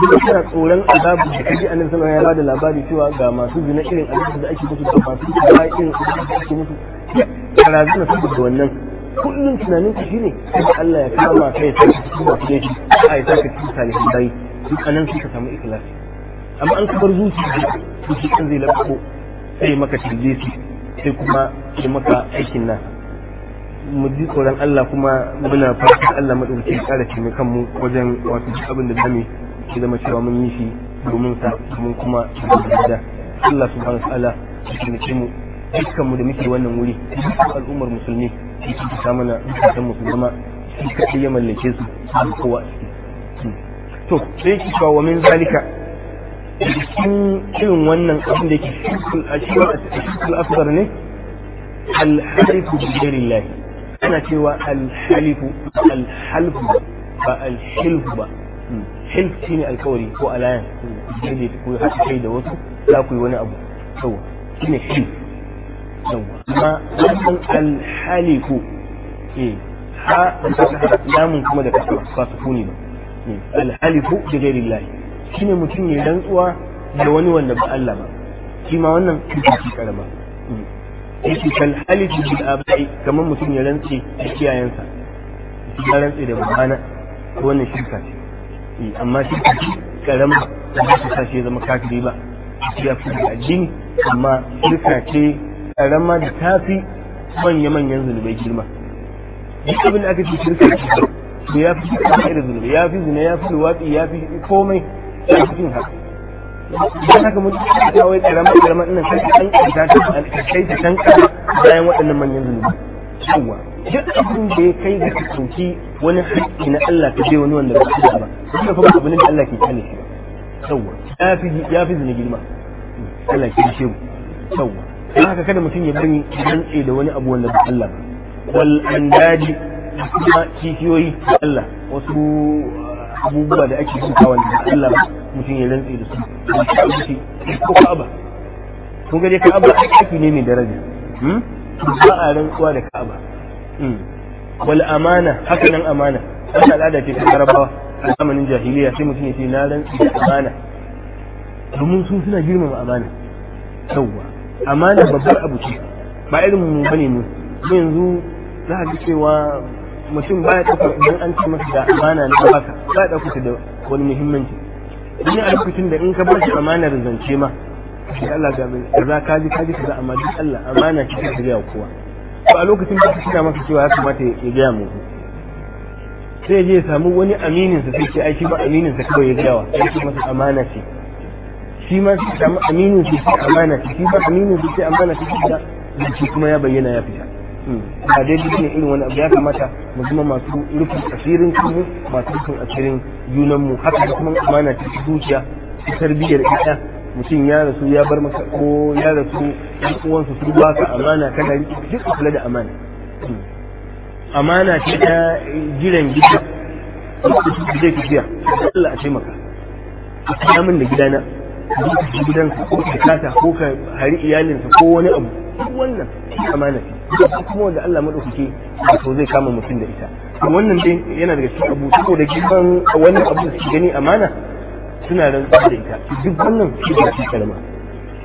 duk kana tsoron azabu da kaji annabi sallallahu alaihi ya bada labari cewa ga masu zina irin azabu da ake musu da masu irin azabu da ake musu karazuna saboda wannan kullum tunanin ka shine kada Allah ya kama kai sai ka cikin masu laifi ai sai ka cikin salihin bai duk anan sai ka samu ikhlasi amma an kabar zuciya to shi kan zai labo sai maka tilisi sai kuma sai maka aikin nan mu ji tsoron Allah kuma muna fatan Allah madauki ya kara kan mu. wajen wato abin da zamu yi zama cewa mun yi shi domin sa mun kuma da Allah subhanahu wa ta'ala ya mu dukkan mu da muke wannan wuri dukkan al'ummar musulmi ya kyautata mana zukatanmu su zama shi kaɗai ya mallake su su kowa to sai ki cewa min zalika cikin irin wannan abin da yake shirkul asbar ne alhalifu bi ghairillah ana cewa alhalifu alhalfu ba alhilfu ba hmm. hilf ne alkawari ko alayan ko ku haɗa kai da wasu za ku yi wani abu yawa ne hilf amma wannan alhaliku eh ha lamun kuma da kasar ba su kuni ba eh, alhaliku da gairi lahi shine mutum ya rantsuwa da wani wanda ba Allah ba shi ma wannan kuki karama eh, yake kal haliku bil abai kamar mutum ya rantsi da kiyayensa ya rantsi da babana wannan shirka ce eh, amma shirka ce karama da ba su ya zama kafiri ba ya fi addini amma shirka ce karama da tafi manya-manyan zunubai girma duk abin da aka fi shirka to ya fi kama da zunubai ya fi zina ya fi luwaɗi ya fi komai ya fi cin haka don haka mun ta kawai karama karama ina sai ta ɗan ƙarta ta alƙarƙai ta tanka bayan waɗannan manyan zunubai yawa duk abin da ya kai ga kasance wani haƙƙi na Allah ka je wani wanda ba su ba kuma fa abin da Allah ke kane shi yawa ya fi ya fi zina girma Allah ke shi yawa don haka kada mutum ya bari rantse da wani abu wanda ba Allah ba wal andadi kuma kishiyoyi da Allah wasu abubuwa da ake duka wanda ba Allah ba mutum ya rantse da su ba ko ka'aba kun ga dai ka'aba aiki ne mai daraja hmm? ba a rantsuwa da ka'aba hmm. wal amana haka nan amana wata al'ada ce ta larabawa a zamanin jahiliya sai mutum ya ce na rantsi da amana domin sun suna girmama amana yawwa amana babbar abu ce ba irin mu bane mu yanzu za ka cewa mutum baya ɗaukar idan an ce masa da amana na baka ba ya ɗauka da wani muhimmanci wani a lokacin da in ka bashi shi amanar zance ma shi Allah ga bai kaza ka ji ka ji kaza amma duk Allah amana shi ka gaya kowa to a lokacin da kika masa cewa ya kamata ya gaya mu sai je ya samu wani aminin sa sai ce ai shi ba aminin sa kawai ya gaya wa sai masa amana ce shi ma sai samu aminu su ce amana shi ba aminu su ce amana su ce da shi kuma ya bayyana ya fita hmm. ba daidai ne irin wani abu ya kamata mu zama masu rufin asirin kuma masu rufin asirin junanmu haka da kuma amana ta zuciya ta tarbiyyar ita mutum ya rasu ya bar masa ko ya rasu ya uwansu su ba ka amana kana riƙe duk kula da amana hmm. amana ce ta jiran gida zai tafiya Allah a taimaka a min da gidana ka zo ka gidansa ko ka kata ko ka hari iyalinsa ko wani abu duk wannan amana ce kuma wanda Allah madaukake wato zai kama mutum da ita to wannan dai yana daga cikin abu saboda girman wannan abu da gani amana suna rantsuwa da ita duk wannan shi ne kalma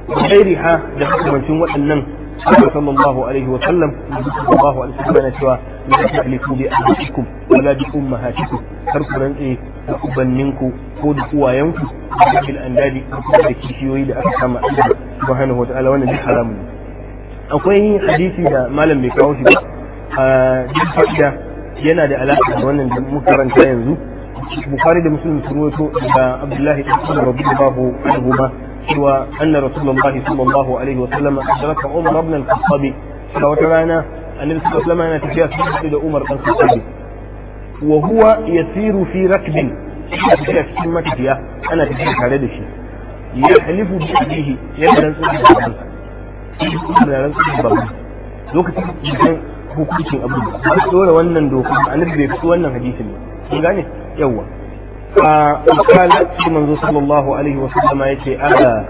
da ha da hukumancin waɗannan قال صلى الله عليه وسلم صلى الله عليه وسلم سوى لا تحلفوا بأنفسكم ولا بأمهاتكم ko da uwayenku da bil andadi da kishiyoyi da aka kama Allah subhanahu wataala wannan duk haramun ne akwai hadisi da malam bai kawo shi ba a fa'ida yana da alaƙa da wannan da muka karanta yanzu Bukhari da Muslim sun rawaito da Abdullahi ibn Rabi'ah radiyallahu anhu سوى أن رسول الله صلى الله عليه وسلم أدرك عمر بن الخطاب فوتعنا أن رسول الله لما نتجاه سيد عمر بن الخطاب وهو يسير في ركب أنا تجاه كاردش يحلف بأبيه يبدن سوى الضبان يبدن سوى الضبان لو كتب جزان هو كل شيء أبدا أنا أقول وأنا ندوك أنا أقول وأنا هديث الله يعني يوه a kala shi manzo sallallahu alaihi wasallama yake ala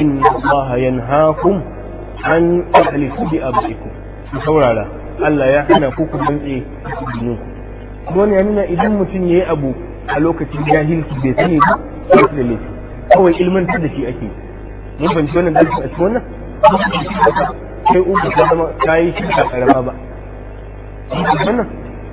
inna Allah yanhaakum an tahlifu bi abikum ku saurara Allah ya hana ku ku dantse ku dinu don ya nuna idan mutum yayi abu a lokacin jahilci bai sani ba sai da laifi kawai ilmantar da shi ake mun fahimci wannan da a cikin wannan sai uku ta zama ta yi shi karama ba wannan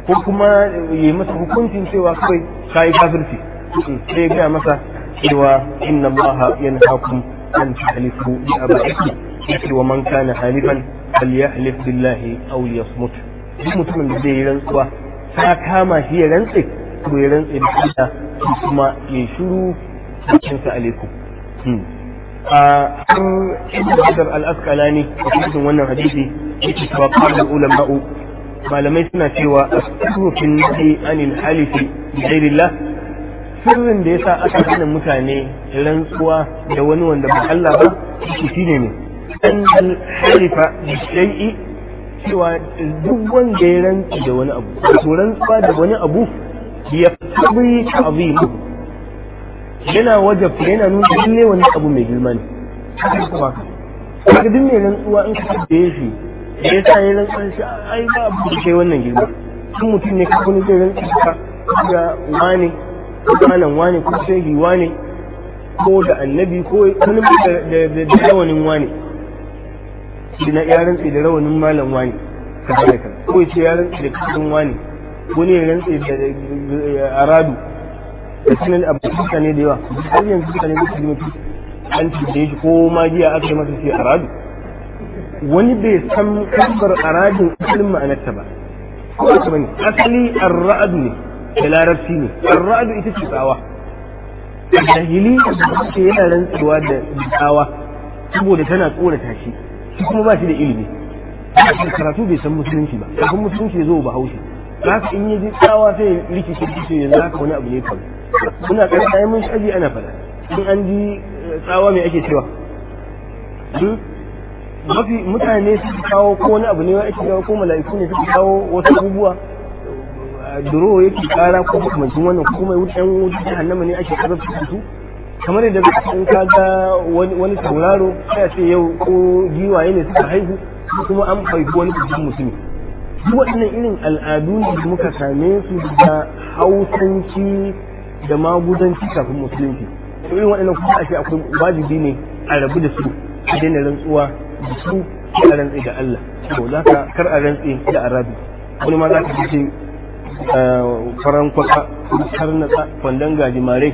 ko kuma yi masa hukuncin cewa kai yi kafirci mm, sai gaya masa cewa inna allaha yanhaakum an tahlifu bi abaikum yake wa man kana halifan falyahlif billahi aw yasmut duk mutumin da zai yi rantsuwa ta kama shi ya rantse to ya rantse da Allah kuma ya shiru cikin sa alaikum mm. a har ibn Hajar al-Asqalani a cikin wannan hadisi yake cewa qala ulama'u malamai suna cewa asirru fil nahi anil halifi bi sirrin da yasa aka hana mutane rantsuwa da wani wanda ba Allah ba shi ne ne an halifa bi shay'i cewa duk wanda ya rantsu da wani abu to rantsuwa da wani abu ya tabi azimu yana wajab yana nuna ne wani abu mai girma ne haka duk mai rantsuwa in ka tabbe shi da ya sa ya rantsa shi ai ba abu da kai wannan girma in mutum ne ka wani zai rantsa ka ga wane ko malam wane ko shehi wane ko da annabi ko wani da rawanin wane shi na ya rantsa da rawanin malam wane ka da kan ko ce ya rantsa da kudin wane ko wani ya rantsa da aradu da sanin abu ne da yawa har yanzu mutane da su mutum an tuɗe shi ko magiya aka yi masa sai aradu wani bai san kasar aradin asalin ma'anarta ba ko kuma ne asali ar ne da larabci ne ar ita ce tsawa jahili ce yana rantsuwa da tsawa saboda tana tsorata shi shi kuma ba shi da ilimi karatu bai san musulunci ba kafin musulunci ya zo ba haushi ka in yaji tsawa sai rikice rikice yanzu haka wani abu ne faru muna karanta mun shaji ana faɗa, in an ji eh, tsawa mai ake cewa hmm? mafi mutane su kawo ko wani abu ne wa yake kawo ko mala'iku ne su kawo wasu abubuwa duro yake kara ko makamancin wannan ko kuma wutan wutan jahannama ne ake azabta su kamar yadda in ka ga wani tauraro sai ce yau ko giwaye ne suka haihu kuma an haifi wani kusan musulmi duk waɗannan irin al'adu ne da muka same su da hausanci da magudanci kafin musulunci irin waɗannan kuma ake ce akwai wajibi ne a rabu da su a daina rantsuwa da su sai a rantsi da Allah to za ka kar a rantsi da arabi wani ma za ka ce eh, faran kwaka karnatsa kwandon gajimare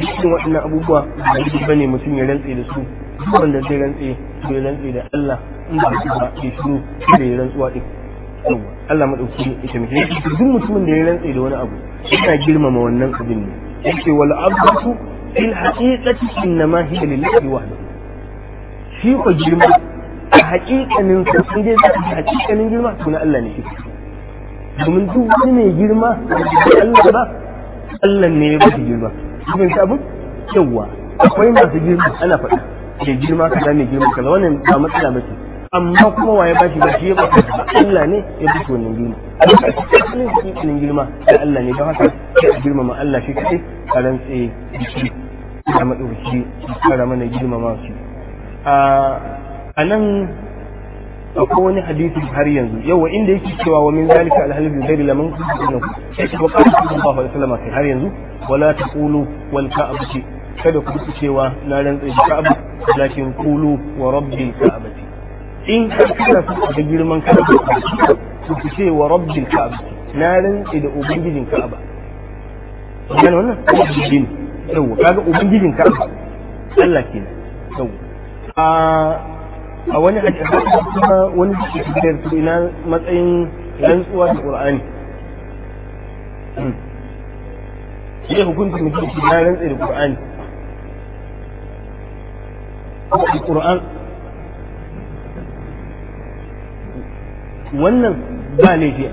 dukkan waɗannan abubuwa da yi bane mutum ya rantsi da su duk wanda zai rantsi bai rantsi da Allah in ba su ba ya shiru bai rantsuwa din Allah madauki ita taimake shi duk mutumin da ya rantsi da wani abu yana girmama wannan abin ne yake wal abdu fil haqiqati innama hiya lillahi wahdahu shi ku girma a hakikanin sa in dai za hakikanin girma to Allah ne shi domin duk wani mai girma da Allah ba Allah ne ya bata girma kuma ta abu yawa akwai masu girma ana faɗa ke girma kaza mai girma kaza wannan ba matsala ba ce amma kuma waye ba shi ba shi ya ba Allah ne ya bi wannan girma Allah shi hakikanin girma da Allah ne don haka girma ma Allah shi kadai karan tsaye da shi da madauki kara mana girmama shi a nan akwai wani hadisi har yanzu yawa inda yake cewa wa min zalika alhalil bi ghairi lamun kuntum yake wa qala sallallahu alaihi wasallam kai har yanzu wala taqulu wal ka'bati kada ku ci cewa na rantsa da ka'aba lakin qulu wa rabbil ka'bati in ka kira su da girman ka'aba ku ce wa rabbil ka'bati na rantsa da ubangijin ka'aba wannan wannan ubangijin yawa kaga ubangijin ka'aba Allah kenan yawa a wani a kuma wani da ke tafiyar su ina matsayin rantsuwa da ƙur'ani shi hukunta mutum ke na rantsa da ƙur'ani ƙur'an wannan ba laifi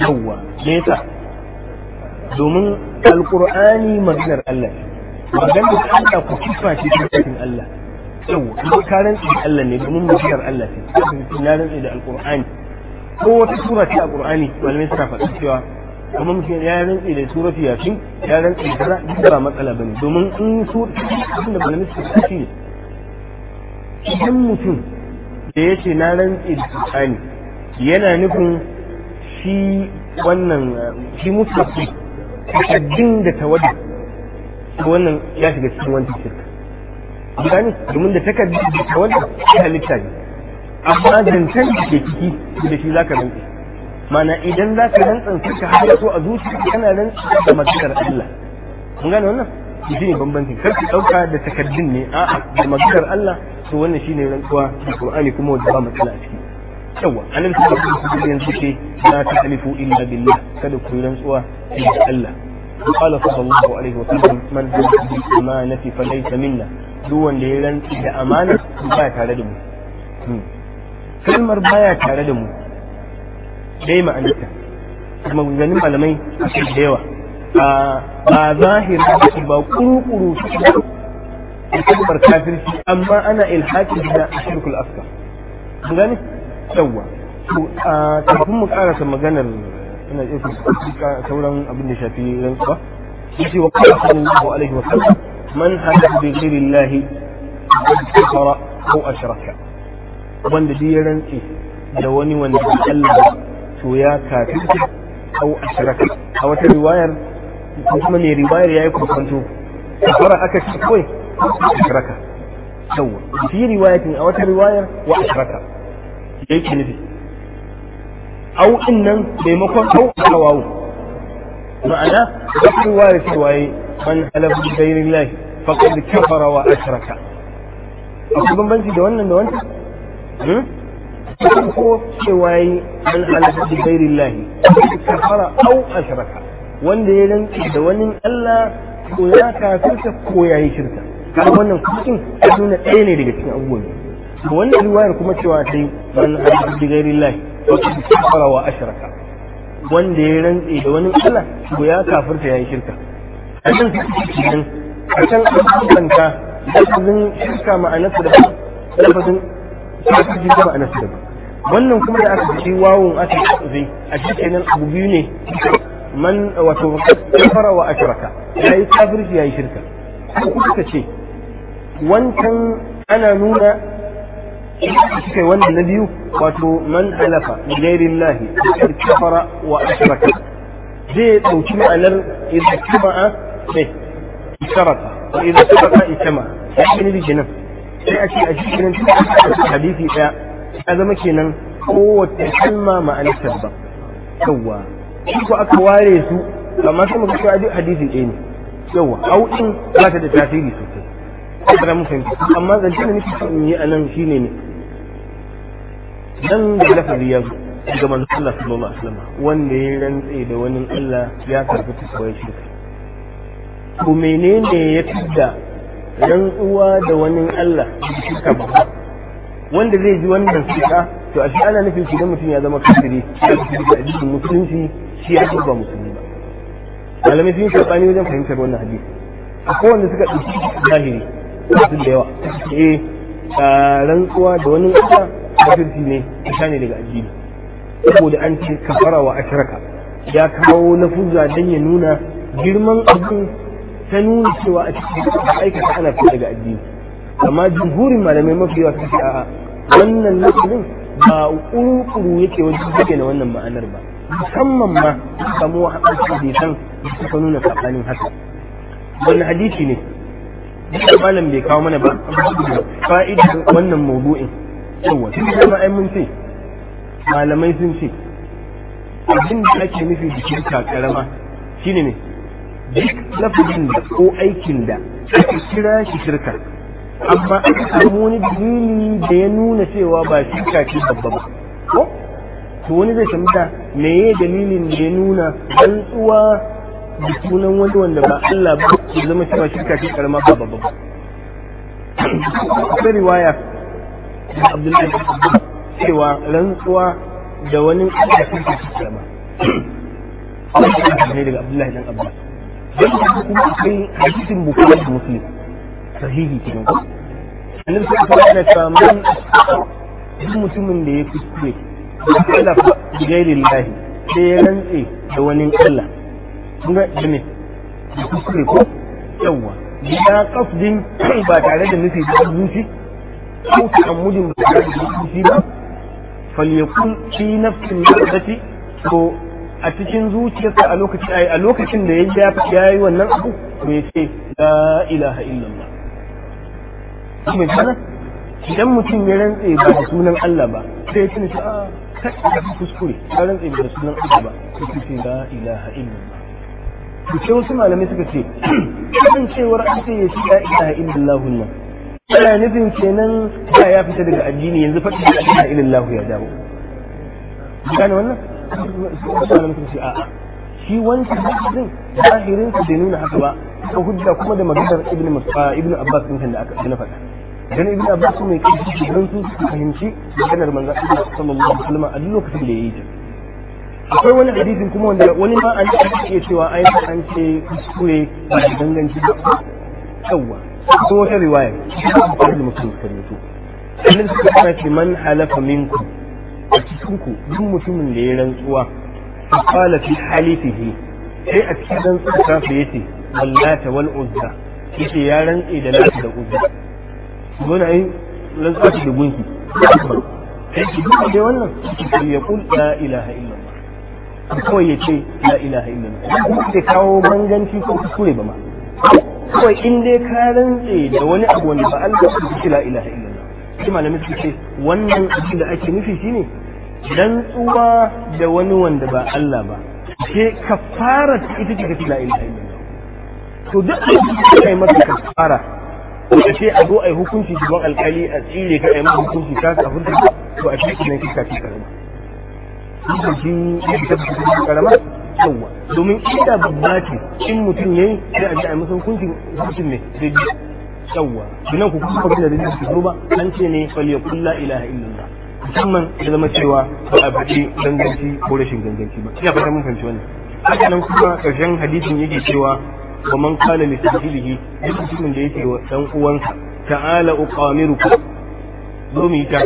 yawwa me yasa domin alƙur'ani maganar Allah ne maganar Allah ku kifa shi cikin Allah yau kuma ka rantsi da Allah ne domin mutiyar Allah ce na rantsi da alqur'ani ko wata sura ce a qur'ani malamai suka faɗi cewa kuma mutum ya rantsi da sura yasin ya rantsi da kaza duk ba matsala bane domin in su abin da malamai suka faɗi ne idan mutum da ya ce na rantsi da qur'ani yana nufin shi wannan shi mutum takaddin da tawadda wannan ya shiga cikin wancan shirka gani domin da takardar da ta wannan ta halitta ne amma zancen da ke ciki da shi za ka rantsa mana idan za ka rantsan sai ka haɗa so a zuciya kana rantsa da maganar Allah kun gane wannan shi ne bambancin kar ka ɗauka da takardun ne a'a da maganar Allah to wannan shi ne rantsuwa da Qur'ani kuma wanda ba matsala a ciki yawa annabi sallallahu alaihi wasallam yanzu na ta alifu illa billah kada ku rantsuwa sai Allah قال صلى الله عليه وسلم من جاء بالأمانة فليس منا دون ليلان إذا أمانة بايا تعالى kalmar baya tare da mu dai ma'anarta maganganun malamai a kai da yawa ba zahiri ba ba kurukuru da kalmar kafirci amma ana ilhaki da shirkul afka an gane yawa mu karasa maganar ina iya fita sauran abin da shafi rantsuwa yace wa qala sallallahu alaihi wa sallam man hadatha bi kafara ashraka wanda ya rantsi da wani wanda Allah to ya kafirta ashraka a wata riwayar kuma ne riwayar yayi kafara aka ce ashraka yawa fi riwayatin a wata riwayar wa ashraka yake nufi au din nan maimakon au a wawu ma'ana kowa da cewa waye man halafu bi gairin lahi faqad kafara wa ashraka akwai bambanci da wannan da wannan hmm? ko cewa waye man halafu bi gairin lahi kafara au ashraka wanda ya rantsi da wani Allah ko ya kafirta ko ya yi shirka kan wannan kuɗin ya nuna ɗaya ne daga cikin abubuwan wannan riwayar kuma cewa ta yi man halafu da gairin lahi وقد كفر واشرك wanda ya rantse da wani Allah to ya kafirta yayin shirka a can cikin a can abubuwanka lafazin shirka ma'anarsa da lafazin kafirci da ma'anarsa da wannan kuma da aka ci wawon aka zai a cikin nan abu biyu ne man wato kafara wa ashraka yayi kafirci yayi shirka ko kuka ce wancan ana nuna da suka yi wannan na biyu wato man halafa bi lahi, faqad kafara wa ashraka zai ɗauki ma'anar idan jama'a ne isharata wa idan sabaka isma sai ne kenan sai a ce a cikin hadisi ɗaya. ya zama kenan kowace kalma ma'anar tabba. yawa shi ko aka ware su amma sai muka cewa duk hadisi ɗaya ne yawa au din ba ta da tasiri sosai kada mun fahimta amma zance da nake so in yi anan shine ne dan da lafazi ya zo daga manzo Allah sallallahu alaihi wasallam wanda ya rantse da wani Allah ya karbi takwai shi ko menene ya tada rantsuwa da wani Allah shi ba wanda zai ji wannan sika to ashe ana nufin shi dan mutum ya zama kafiri da musulunci shi ya ba musulmi ba malamai sun yi sabani wajen fahimtar wannan hadisi akwai wanda suka ɗauki zahiri sun da yawa eh rantsuwa da wani Allah kafirci ne ta ne daga addini saboda an ce kafara wa ashraka ya kawo na fuza dan ya nuna girman abin ta nuna cewa a cikin aikata ana fi daga addini amma jumhurin malamai mafi yawa suke a wannan nufin ba kurkuru yake wajen na wannan ma'anar ba musamman ma samu wasu hadisan da suka nuna haka wani hadisi ne duk malam bai kawo mana ba fa'idar wannan mawdu'in yawa duk da ma'ai mun ce malamai sun ce abin da ake nufi da shirka karama shine ne duk lafazin da ko aikin da aka kira shi shirka amma aka samu wani dalili da ya nuna cewa ba shirka ce babba ba ko to wani zai tambaya me ya dalilin da ya nuna rantsuwa da sunan wani wanda ba Allah ba ya zama cewa shirka ce karama ba babba ba akwai riwaya da abdullahi bin abbas cewa rantsuwa da wani Allah sun ce kalma Allah ya ne daga abdullahi bin abbas dan kuma akwai hadisin bukhari da muslim sahihi cikin ko annabi sallallahu alaihi wasallam man duk mutumin da ya kuskure ya kala fa gairillahi sai ya rantse da wani Allah kun ga da me kuskure ko yawa bila qasdin ba tare da nufi da zuci أو تعمد مصيبة فليكن في نفس اللحظة to a cikin zuciyarsa a lokacin da ya ya yi wannan abu إلا الله ce la ilaha illallah kuma kana idan mutum ya rantse ba da sunan Allah ba sai ah, kuskure sunan Allah ba ce ilaha illallah wasu malamai suka ce kasancewar an ce ya da la ilaha illallah nan yana nufin kenan da ya fita daga addini yanzu fata da ilin lahu ya dawo gane wannan mutanen sun ce a'a shi wancan hadisin zahirin sa bai nuna haka ba ko hujja kuma da maganar ibn ibn abbas din da aka na faɗa dan ibn abbas mai kirki don su fahimci maganar manzon Allah sallallahu alaihi wasallam a duk lokacin da yayi ta akwai wani hadisin kuma wanda wani ma an ce cewa ai an ce kuskure ba danganci da yawa sun wata riwaya da mutum sannan suka fara ce man halafa minku a cikinku duk mutumin da ya rantsuwa fa qala fi halifihi sai a cikin rantsuwa ta wallata wal uzza ya da da uzza ai rantsuwa da gunki sai ki duk da wannan ya kul la ilaha illallah kawai la ilaha illallah kawo banganci ko kuskure ba ma kawai in dai ka rantse da wani abu wanda ba Allah ba shi la ilaha illallah shi malami su ce wannan abin da ake nufi shine tsuwa da wani wanda ba Allah ba ke kafara ita ce kace la ilaha illallah to duk abin da kai masa kafara ko ce a zo a yi hukunci gaban alkali a tsire ka a yi hukunci ka ka hukunci to a cikin nan kika ci karama. Ina jin yadda ta fi karama yawa domin inda babba ce in mutum yi sai a ji a masa kuncin hukuncin ne zai ji yawa binan ku kuma kuma da zai fito ba an ce ne fal yakul ilaha illallah musamman ya zama cewa ba a faɗi ganganci ko rashin ganganci ba ina fata mun fahimci wannan haka nan kuma ƙarshen hadisin yake cewa wa man kana li sabilihi duk mutumin da yake wa dan uwansa ta'ala uqamiruka zo mu yi ta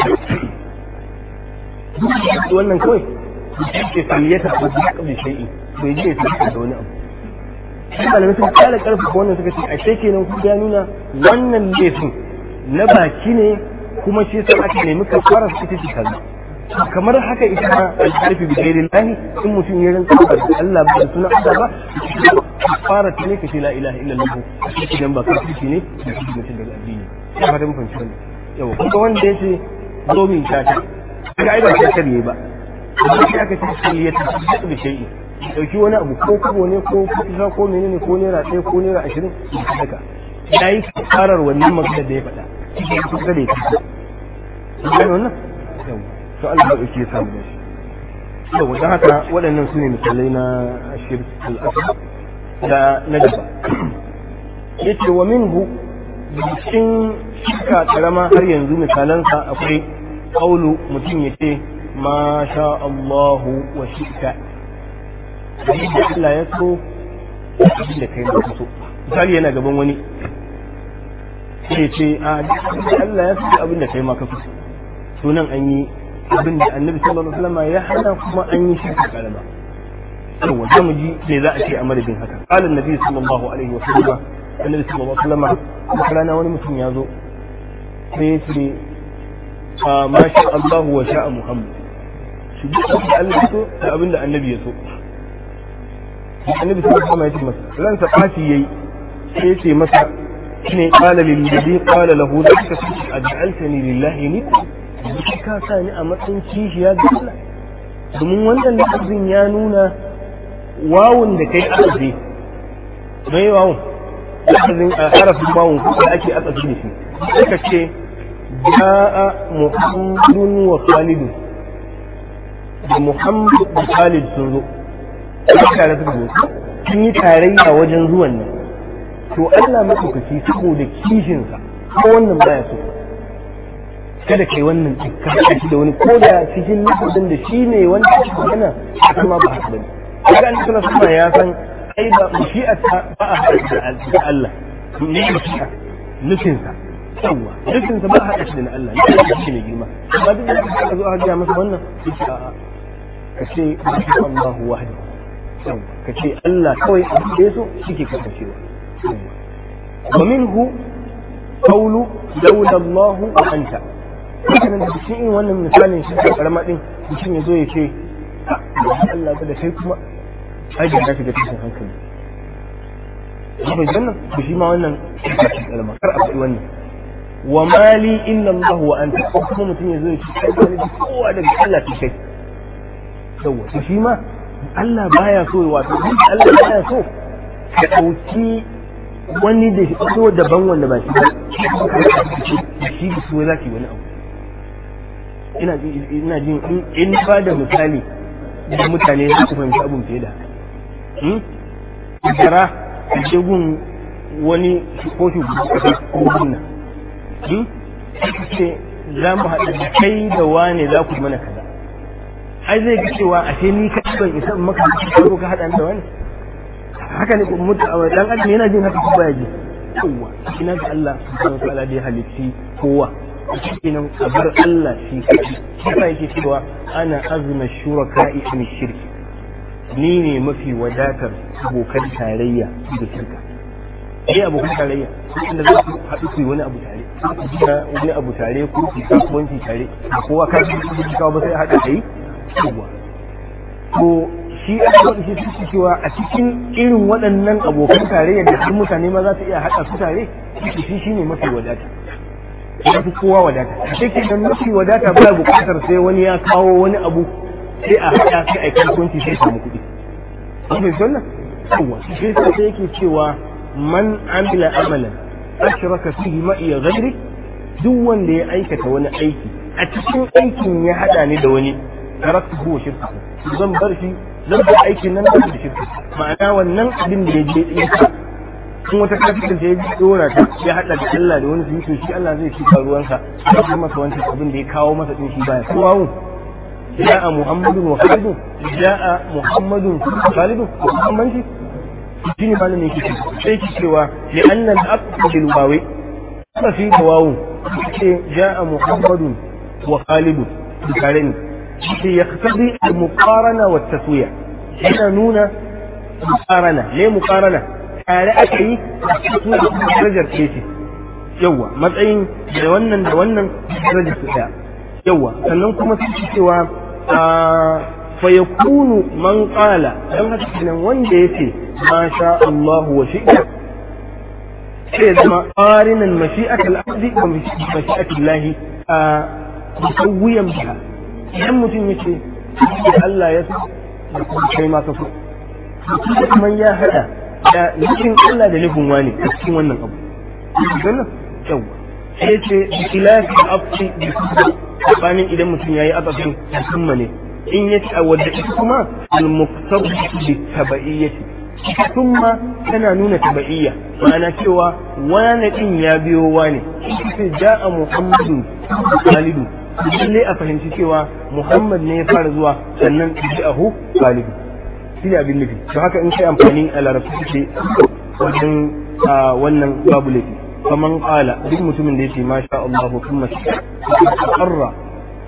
wannan kawai yake faliyata ko duk mai shay'i to ko a sai kenan ku nuna wannan laifin na baki ne kuma shi sai aka nemi kamar haka ita ma alharfi bi lahi in mutum ya rinka ba da Allah ba da suna Allah ba fara ta ne la ilaha illallah idan ba ne da shi daga addini ya fata mun fahimci wannan yawa kuma wanda yace zo min shata ga ai ba shakar ne ba amma sai aka ce kulli ya tafi da shay'i dauki wani abu ko kubo ne ko kusa ko menene ko naira ɗaya ko naira ashirin da haka ya yi karar wannan magana da ya faɗa cikin kusa da ya kusa gano wannan to Allah ba ke samu da shi to wajen haka waɗannan su ne misalai na shirk al-asr da na gaba yace wa minhu cikin shirka karama har yanzu misalansa akwai kaulu mutum ya ce. ma sha Allahu wa shi'ta abin da Allah ya so abin da kai ba so misali yana gaban wani sai ce a Allah ya so abin da kai ma ka so sunan an yi abin da annabi sallallahu alaihi wasallam ya hana kuma an yi shi kalma yawa za mu ji me za a ce a madadin haka qala annabi sallallahu alaihi wasallam annabi sallallahu alaihi wasallam rana wani mutum ya zo sai ya ce ma sha Allahu wa sha Muhammad duk abin da Allah ya so da abin da annabi ya so annabi sallallahu alaihi wasallam ya ce masa ransa ɓaci yayi sai ya ce masa shine qala lil ladhi qala lahu la tasbihu aj'altani lillahi ni ka sa ni a matsayin kishiya ga Allah domin wannan lafazin ya nuna wawun da kai aka je mai wawun lafazin a harafin wawun kuma ake aka je da shi sai ce ja'a muhammadun wa khalidun da muhammad da khalid sun zo sun tare suka zo sun yi tarayya wajen zuwan nan to allah maɗaukaci saboda kishinsa ko wannan baya so kada kai wannan ka shi da wani ko da cikin lafazin da shi ne wanda ake magana a kuma ba haka bane kaga an suna suna ya san ai ba mushi'ar ta ba a haɗa da Allah ne mushi'a nufin sa yawa nufin sa ba a haɗa shi da Allah ne shi ne girma ba duk da aka zo a haɗa masa wannan a'a ka ce Allah wahdahu ka ce Allah kawai a cikin su shike kasancewa wa minhu qawlu laula Allah wa anta kana da cikin wannan misalin shi da karama din mutum ya zo ya ce Allah da sai kuma ai da shiga cikin hankali Akwai nan, da shi ma wannan kalma kar a faɗi wannan wa mali illa Allah wa anta kuma mutum ya zo ya ce kai da kowa daga Allah ce kai kyau to shi ma Allah baya so wato duk Allah baya so ka dauki wani da shi ko daban wanda ba shi ba shi da so zaki wani abu ina jin ina jin in ba da misali da mutane za su fahimci abun fiye da haka kara hmm? a ce gun wani ko shugaban kasa ko gwamna ce za mu haɗa kai da wane za ku mana kai ai zai ga cewa a sai ni kai ban isa maka ko ka hada da wani haka ne kuma dan adam yana jin haka baya ji kowa ina ga Allah subhanahu wa ta'ala da halitti kowa kenan a bar Allah shi kai sai yake cewa ana azma shuraka'i min shirki ni ne mafi wadatar abokan tarayya da shirka ai abokan tarayya inda za ku haɗu ku wani abu tare ku wani abu tare ku ku kasuwanci tare kowa ka kawo ba sai haɗa kai yawa to shi a cikin shi suke cewa a cikin irin waɗannan abokan tare da har mutane ma za su iya haɗa su tare shi shi ne mafi wadata ya fi kowa wadata a cikin da mafi wadata ba buƙatar sai wani ya kawo wani abu sai a haɗa sai a kasuwanci sai samu kuɗi mafi sunna yawa shi sa sai yake cewa man amila amalan ashraka fihi ma iya ghairi duk wanda ya aikata wani aiki a cikin aikin ya haɗa ni da wani taraktu huwa shirka zan bar shi zan bar aikin nan da shirka ma'ana wannan abin da ya je in in wata kafin da ya ji dora ta ya hada da Allah da wani su shi Allah zai shuka ruwansa ya kuma masa wancan abin da ya kawo masa din shi baya kuma mu ja'a muhammadun wa khalidu ja'a muhammadun wa khalidu muhammanci shi ne malamin shi sai ki cewa li anna al-aqd bil wawi kafi da wawu ce ja'a muhammadun wa khalidu tare ne الذي يقتضي المقارنة والتسوية هنا نونا مقارنة ليه مقارنة tare aka yi a cikin darajar ce ce matsayin da wannan da wannan darajar su daya sannan kuma su ce cewa fa yakunu man qala dan haka wanda yace ma sha Allah zama qarinan mashi'at a musawwiyan biha idan mutum ya ce Allah ya so da kuma kai ma ka to kuma ya hada da nufin Allah da nufin wani a cikin wannan abu ganin kyau sai ce khilafi afsi bi sabanin idan mutum yayi azabin musamman ne in yace a wadda ita kuma al-muqtabi bi tabiyyati ita ma tana nuna tabi'iyya ma'ana cewa wani din ya biyo wani sai a muhammadu khalidu lalle a fahimci cewa muhammad ne ya fara zuwa sannan ja'ahu khalidu shi ne abin nufi to haka in kai amfani a larabci ce wajen wannan babu laifi faman qala duk mutumin da ce masha Allah kuma shi qarra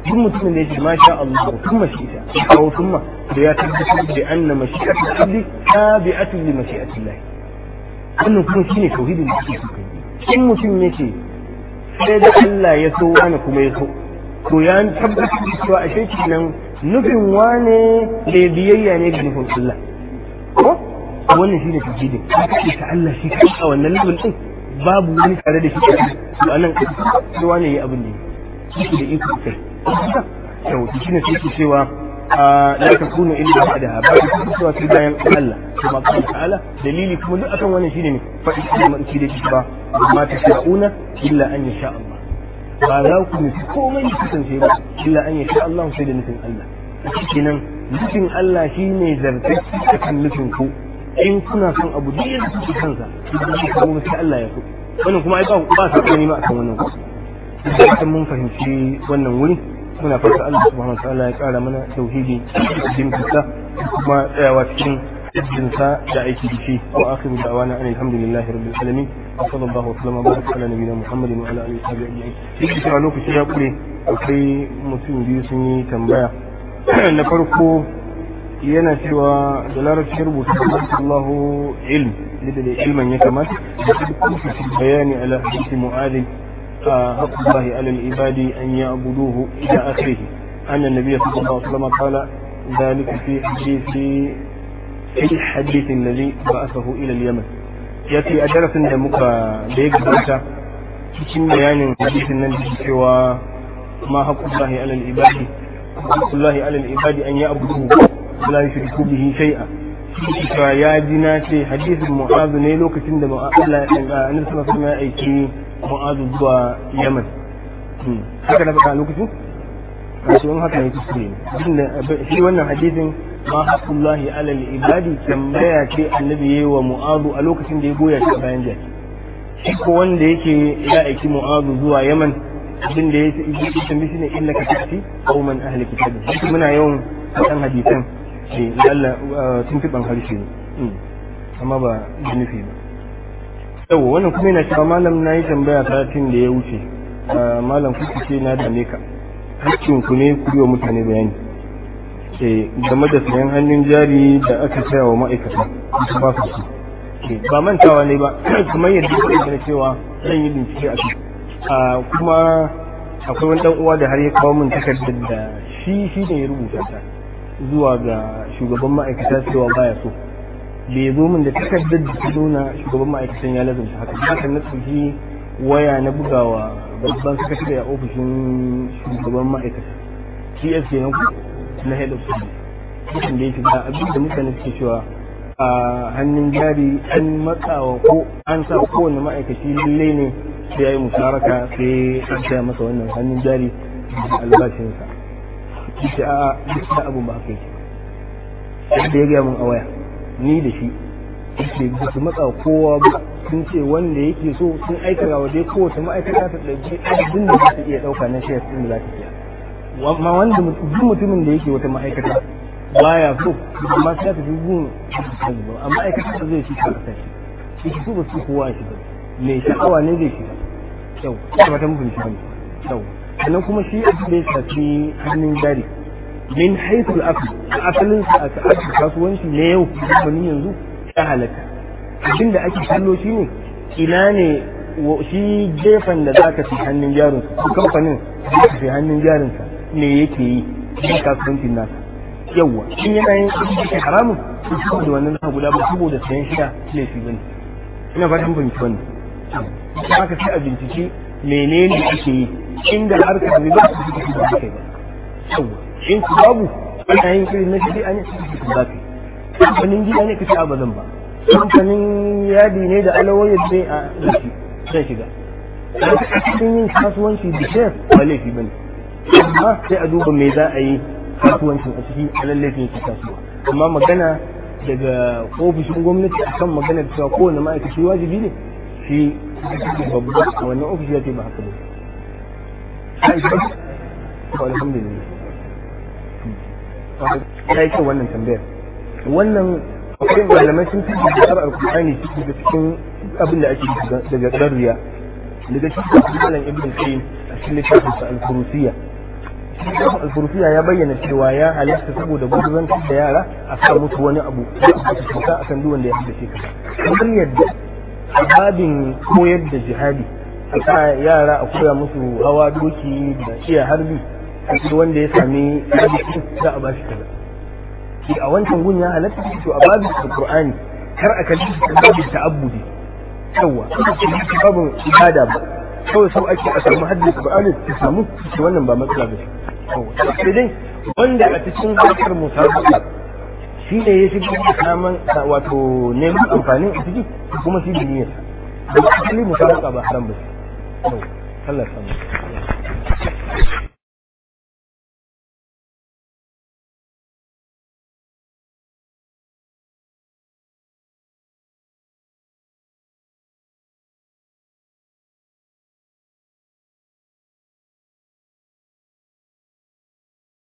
duk mutumin da ce masha Allah kun mashi'a kawo kuma da ya tabbatar da anna mashi'atul abdi tabi'atun li Allah wannan kuma shine tauhidin da kuke kai kin mutum yake sai da Allah ya so wani kuma ya so to ya tabbatar da cewa ashe kenan nufin wane da biyayya ne da nufin Allah ko wannan shine tauhidin kake ta Allah shi ka a wannan level din babu wani tare da shi to anan kai wane ya abin ne yake da iko kai to shi ne sai cewa ah, la takunu illa ba'daha ba ta cewa sai bayan Allah kuma kan ta'ala dalili kuma duk akan wannan shine ne faɗi kuma shi da shi ba amma ta sha'una illa an yasha Allah ba za ku nufi komai ne kasance ba illa an yasha Allah sai da nufin Allah kenan nufin Allah shine da kan nufin ku in kuna son abu duk yadda kuke kansa shi kuma sai Allah ya so wannan kuma ai ba ba sa gani ma akan wannan ku mun fahimci wannan wuri muna fata Allah subhanahu wa ta'ala ya kara mana tauhidi cikin kusa kuma tsayawa cikin cikin sa da aiki da wa akhiru da'wana an alhamdulillahi rabbil alamin wa sallallahu wa sallama baraka ala nabiyina muhammadin wa ala alihi wa sahbihi ajma'in lokaci ya kure akwai mutum biyu sun yi tambaya na farko yana cewa da larabci rubuta Allahu ilm lidda ilman ya kamata da kuma bayani ala hadisi mu'adil حق الله على العباد أن يعبدوه إلى آخره أن النبي صلى الله عليه وسلم قال ذلك في حديث في الحديث الذي بعثه إلى اليمن يأتي أدرس دمك cikin bayanin hadisin nan da cewa ma ya ji na ce hadisin ne lokacin da Allah ya aiki mu'azu zuwa yaman hmm. haka na faɗa lokacin kashi wani haka ne kuskure ne shi wannan hadisin ma haƙullahi alal ibadi tambaya ce annabi yayi wa mu'azu a lokacin da ya goya shi a bayan jaki shi ko wanda yake ya aiki mu'azu zuwa yaman abin da ya tambi shi ne illa ka tafi qauman ahli kitabi shi muna yawan kan hadisan eh Allah eh, tun tiban harshe ne hmm. amma ba nufi ba yau wannan kuma yana cewa malam na yi tambaya satin da ya wuce ah, malam kuka ce na dame ka hakkin ku ne ku wa mutane bayani ke eh, game da sayan hannun jari da aka saya wa ma'aikata ta ba su ke. Eh, ba mantawa ne ba kuma yadda kuka gane cewa zan yi bincike a kai ah, kuma akwai wani dan uwa da har ya kawo min takardar da shi shi ne ya rubuta ta zuwa ga shugaban ma'aikata cewa baya so bai min da takardar da ta nuna shugaban ma'aikatan ya lazumta haka ta na ji waya na bugawa babban sakatare a ofishin shugaban ma'aikata ps na na head of service mutum da ya shiga abin da mutane suke cewa a hannun jari an matsawa ko an sa kowane ma'aikaci lallai ne sai ya yi musaraka sai an saya masa wannan hannun jari da albashinsa ita a duk abin ba haka yake da ya gaya mun a waya ni da shi ke ba su matsa kowa ba sun ce wanda yake so sun aika wa dai kowace ma'aikata ta ɗauki abin da za su iya ɗauka na shayar ɗin za ta iya amma wanda duk mutumin da yake wata ma'aikata baya so amma sai ta fi gun ma'aikata ta zai ci ta kasa shi su ba su kowa shi ba mai sha'awa ne zai shiga kyau kuma ta mafi sha'awa kyau sannan kuma shi abin da ya shafi hannun jari min haithul asl asalin sa a ta'addi kasuwanci ne yau kamar yanzu ya halatta abin da ake kallo shine ina ne shi gefen da za ka fi hannun jarin su kamfanin ka fi hannun jarin sa ne yake yi na kasuwancin nasa yawa in yana yin abin da haramun su da wannan na guda ba saboda sayan shida ne shi bane ina fatan fahimci wannan haka sai a bincike menene ake yi inda harkar riba su suke da kai ba yawa shin ku babu ana yin irin na shari'a ne su ku ba kamfanin gida ne kace a ba kamfanin yadi ne da alawayar zai a zaki zai shiga a cikin yin kasuwanci da shef ba laifi bane amma sai a duba me za a yi kasuwancin a ciki a lallafin su kasuwa amma magana daga ofishin gwamnati akan magana da cewa kowane ma'aikaci wajibi ne shi babba a wannan ofishi ya ce ba haka ba. Alhamdulillah. ta yi kyau wannan tambayar wannan akwai malamai sun fi da tsara alkur'ani ciki da cikin abin da ake daga ɗarriya daga cikin alkur'an ibn qayyim a cikin littafin sa al-furusiyya littafin al-furusiyya ya bayyana cewa ya halatta saboda gudurantar da yara a sa musu wani abu da aka cuta a kan duwan ya ya haddace ka kamar yadda babin koyar da jihadi a sa yara a koya musu hawa doki da iya harbi sai wanda ya sami sabiti za a bashi kaza shi a wancan gun ya halatta to a babin alqur'ani kar a kalli shi babin ta'abbudi yawa shi babin ibada ba kawai sau ake a samu haddin alqur'ani ta samu shi wannan ba matsala ba shi sai dai wanda a cikin harkar musabaqa shi ne ya shiga saman wato neman amfanin a ciki kuma shi ne duniyar da asali musabaqa ba haram ba shi Allah samu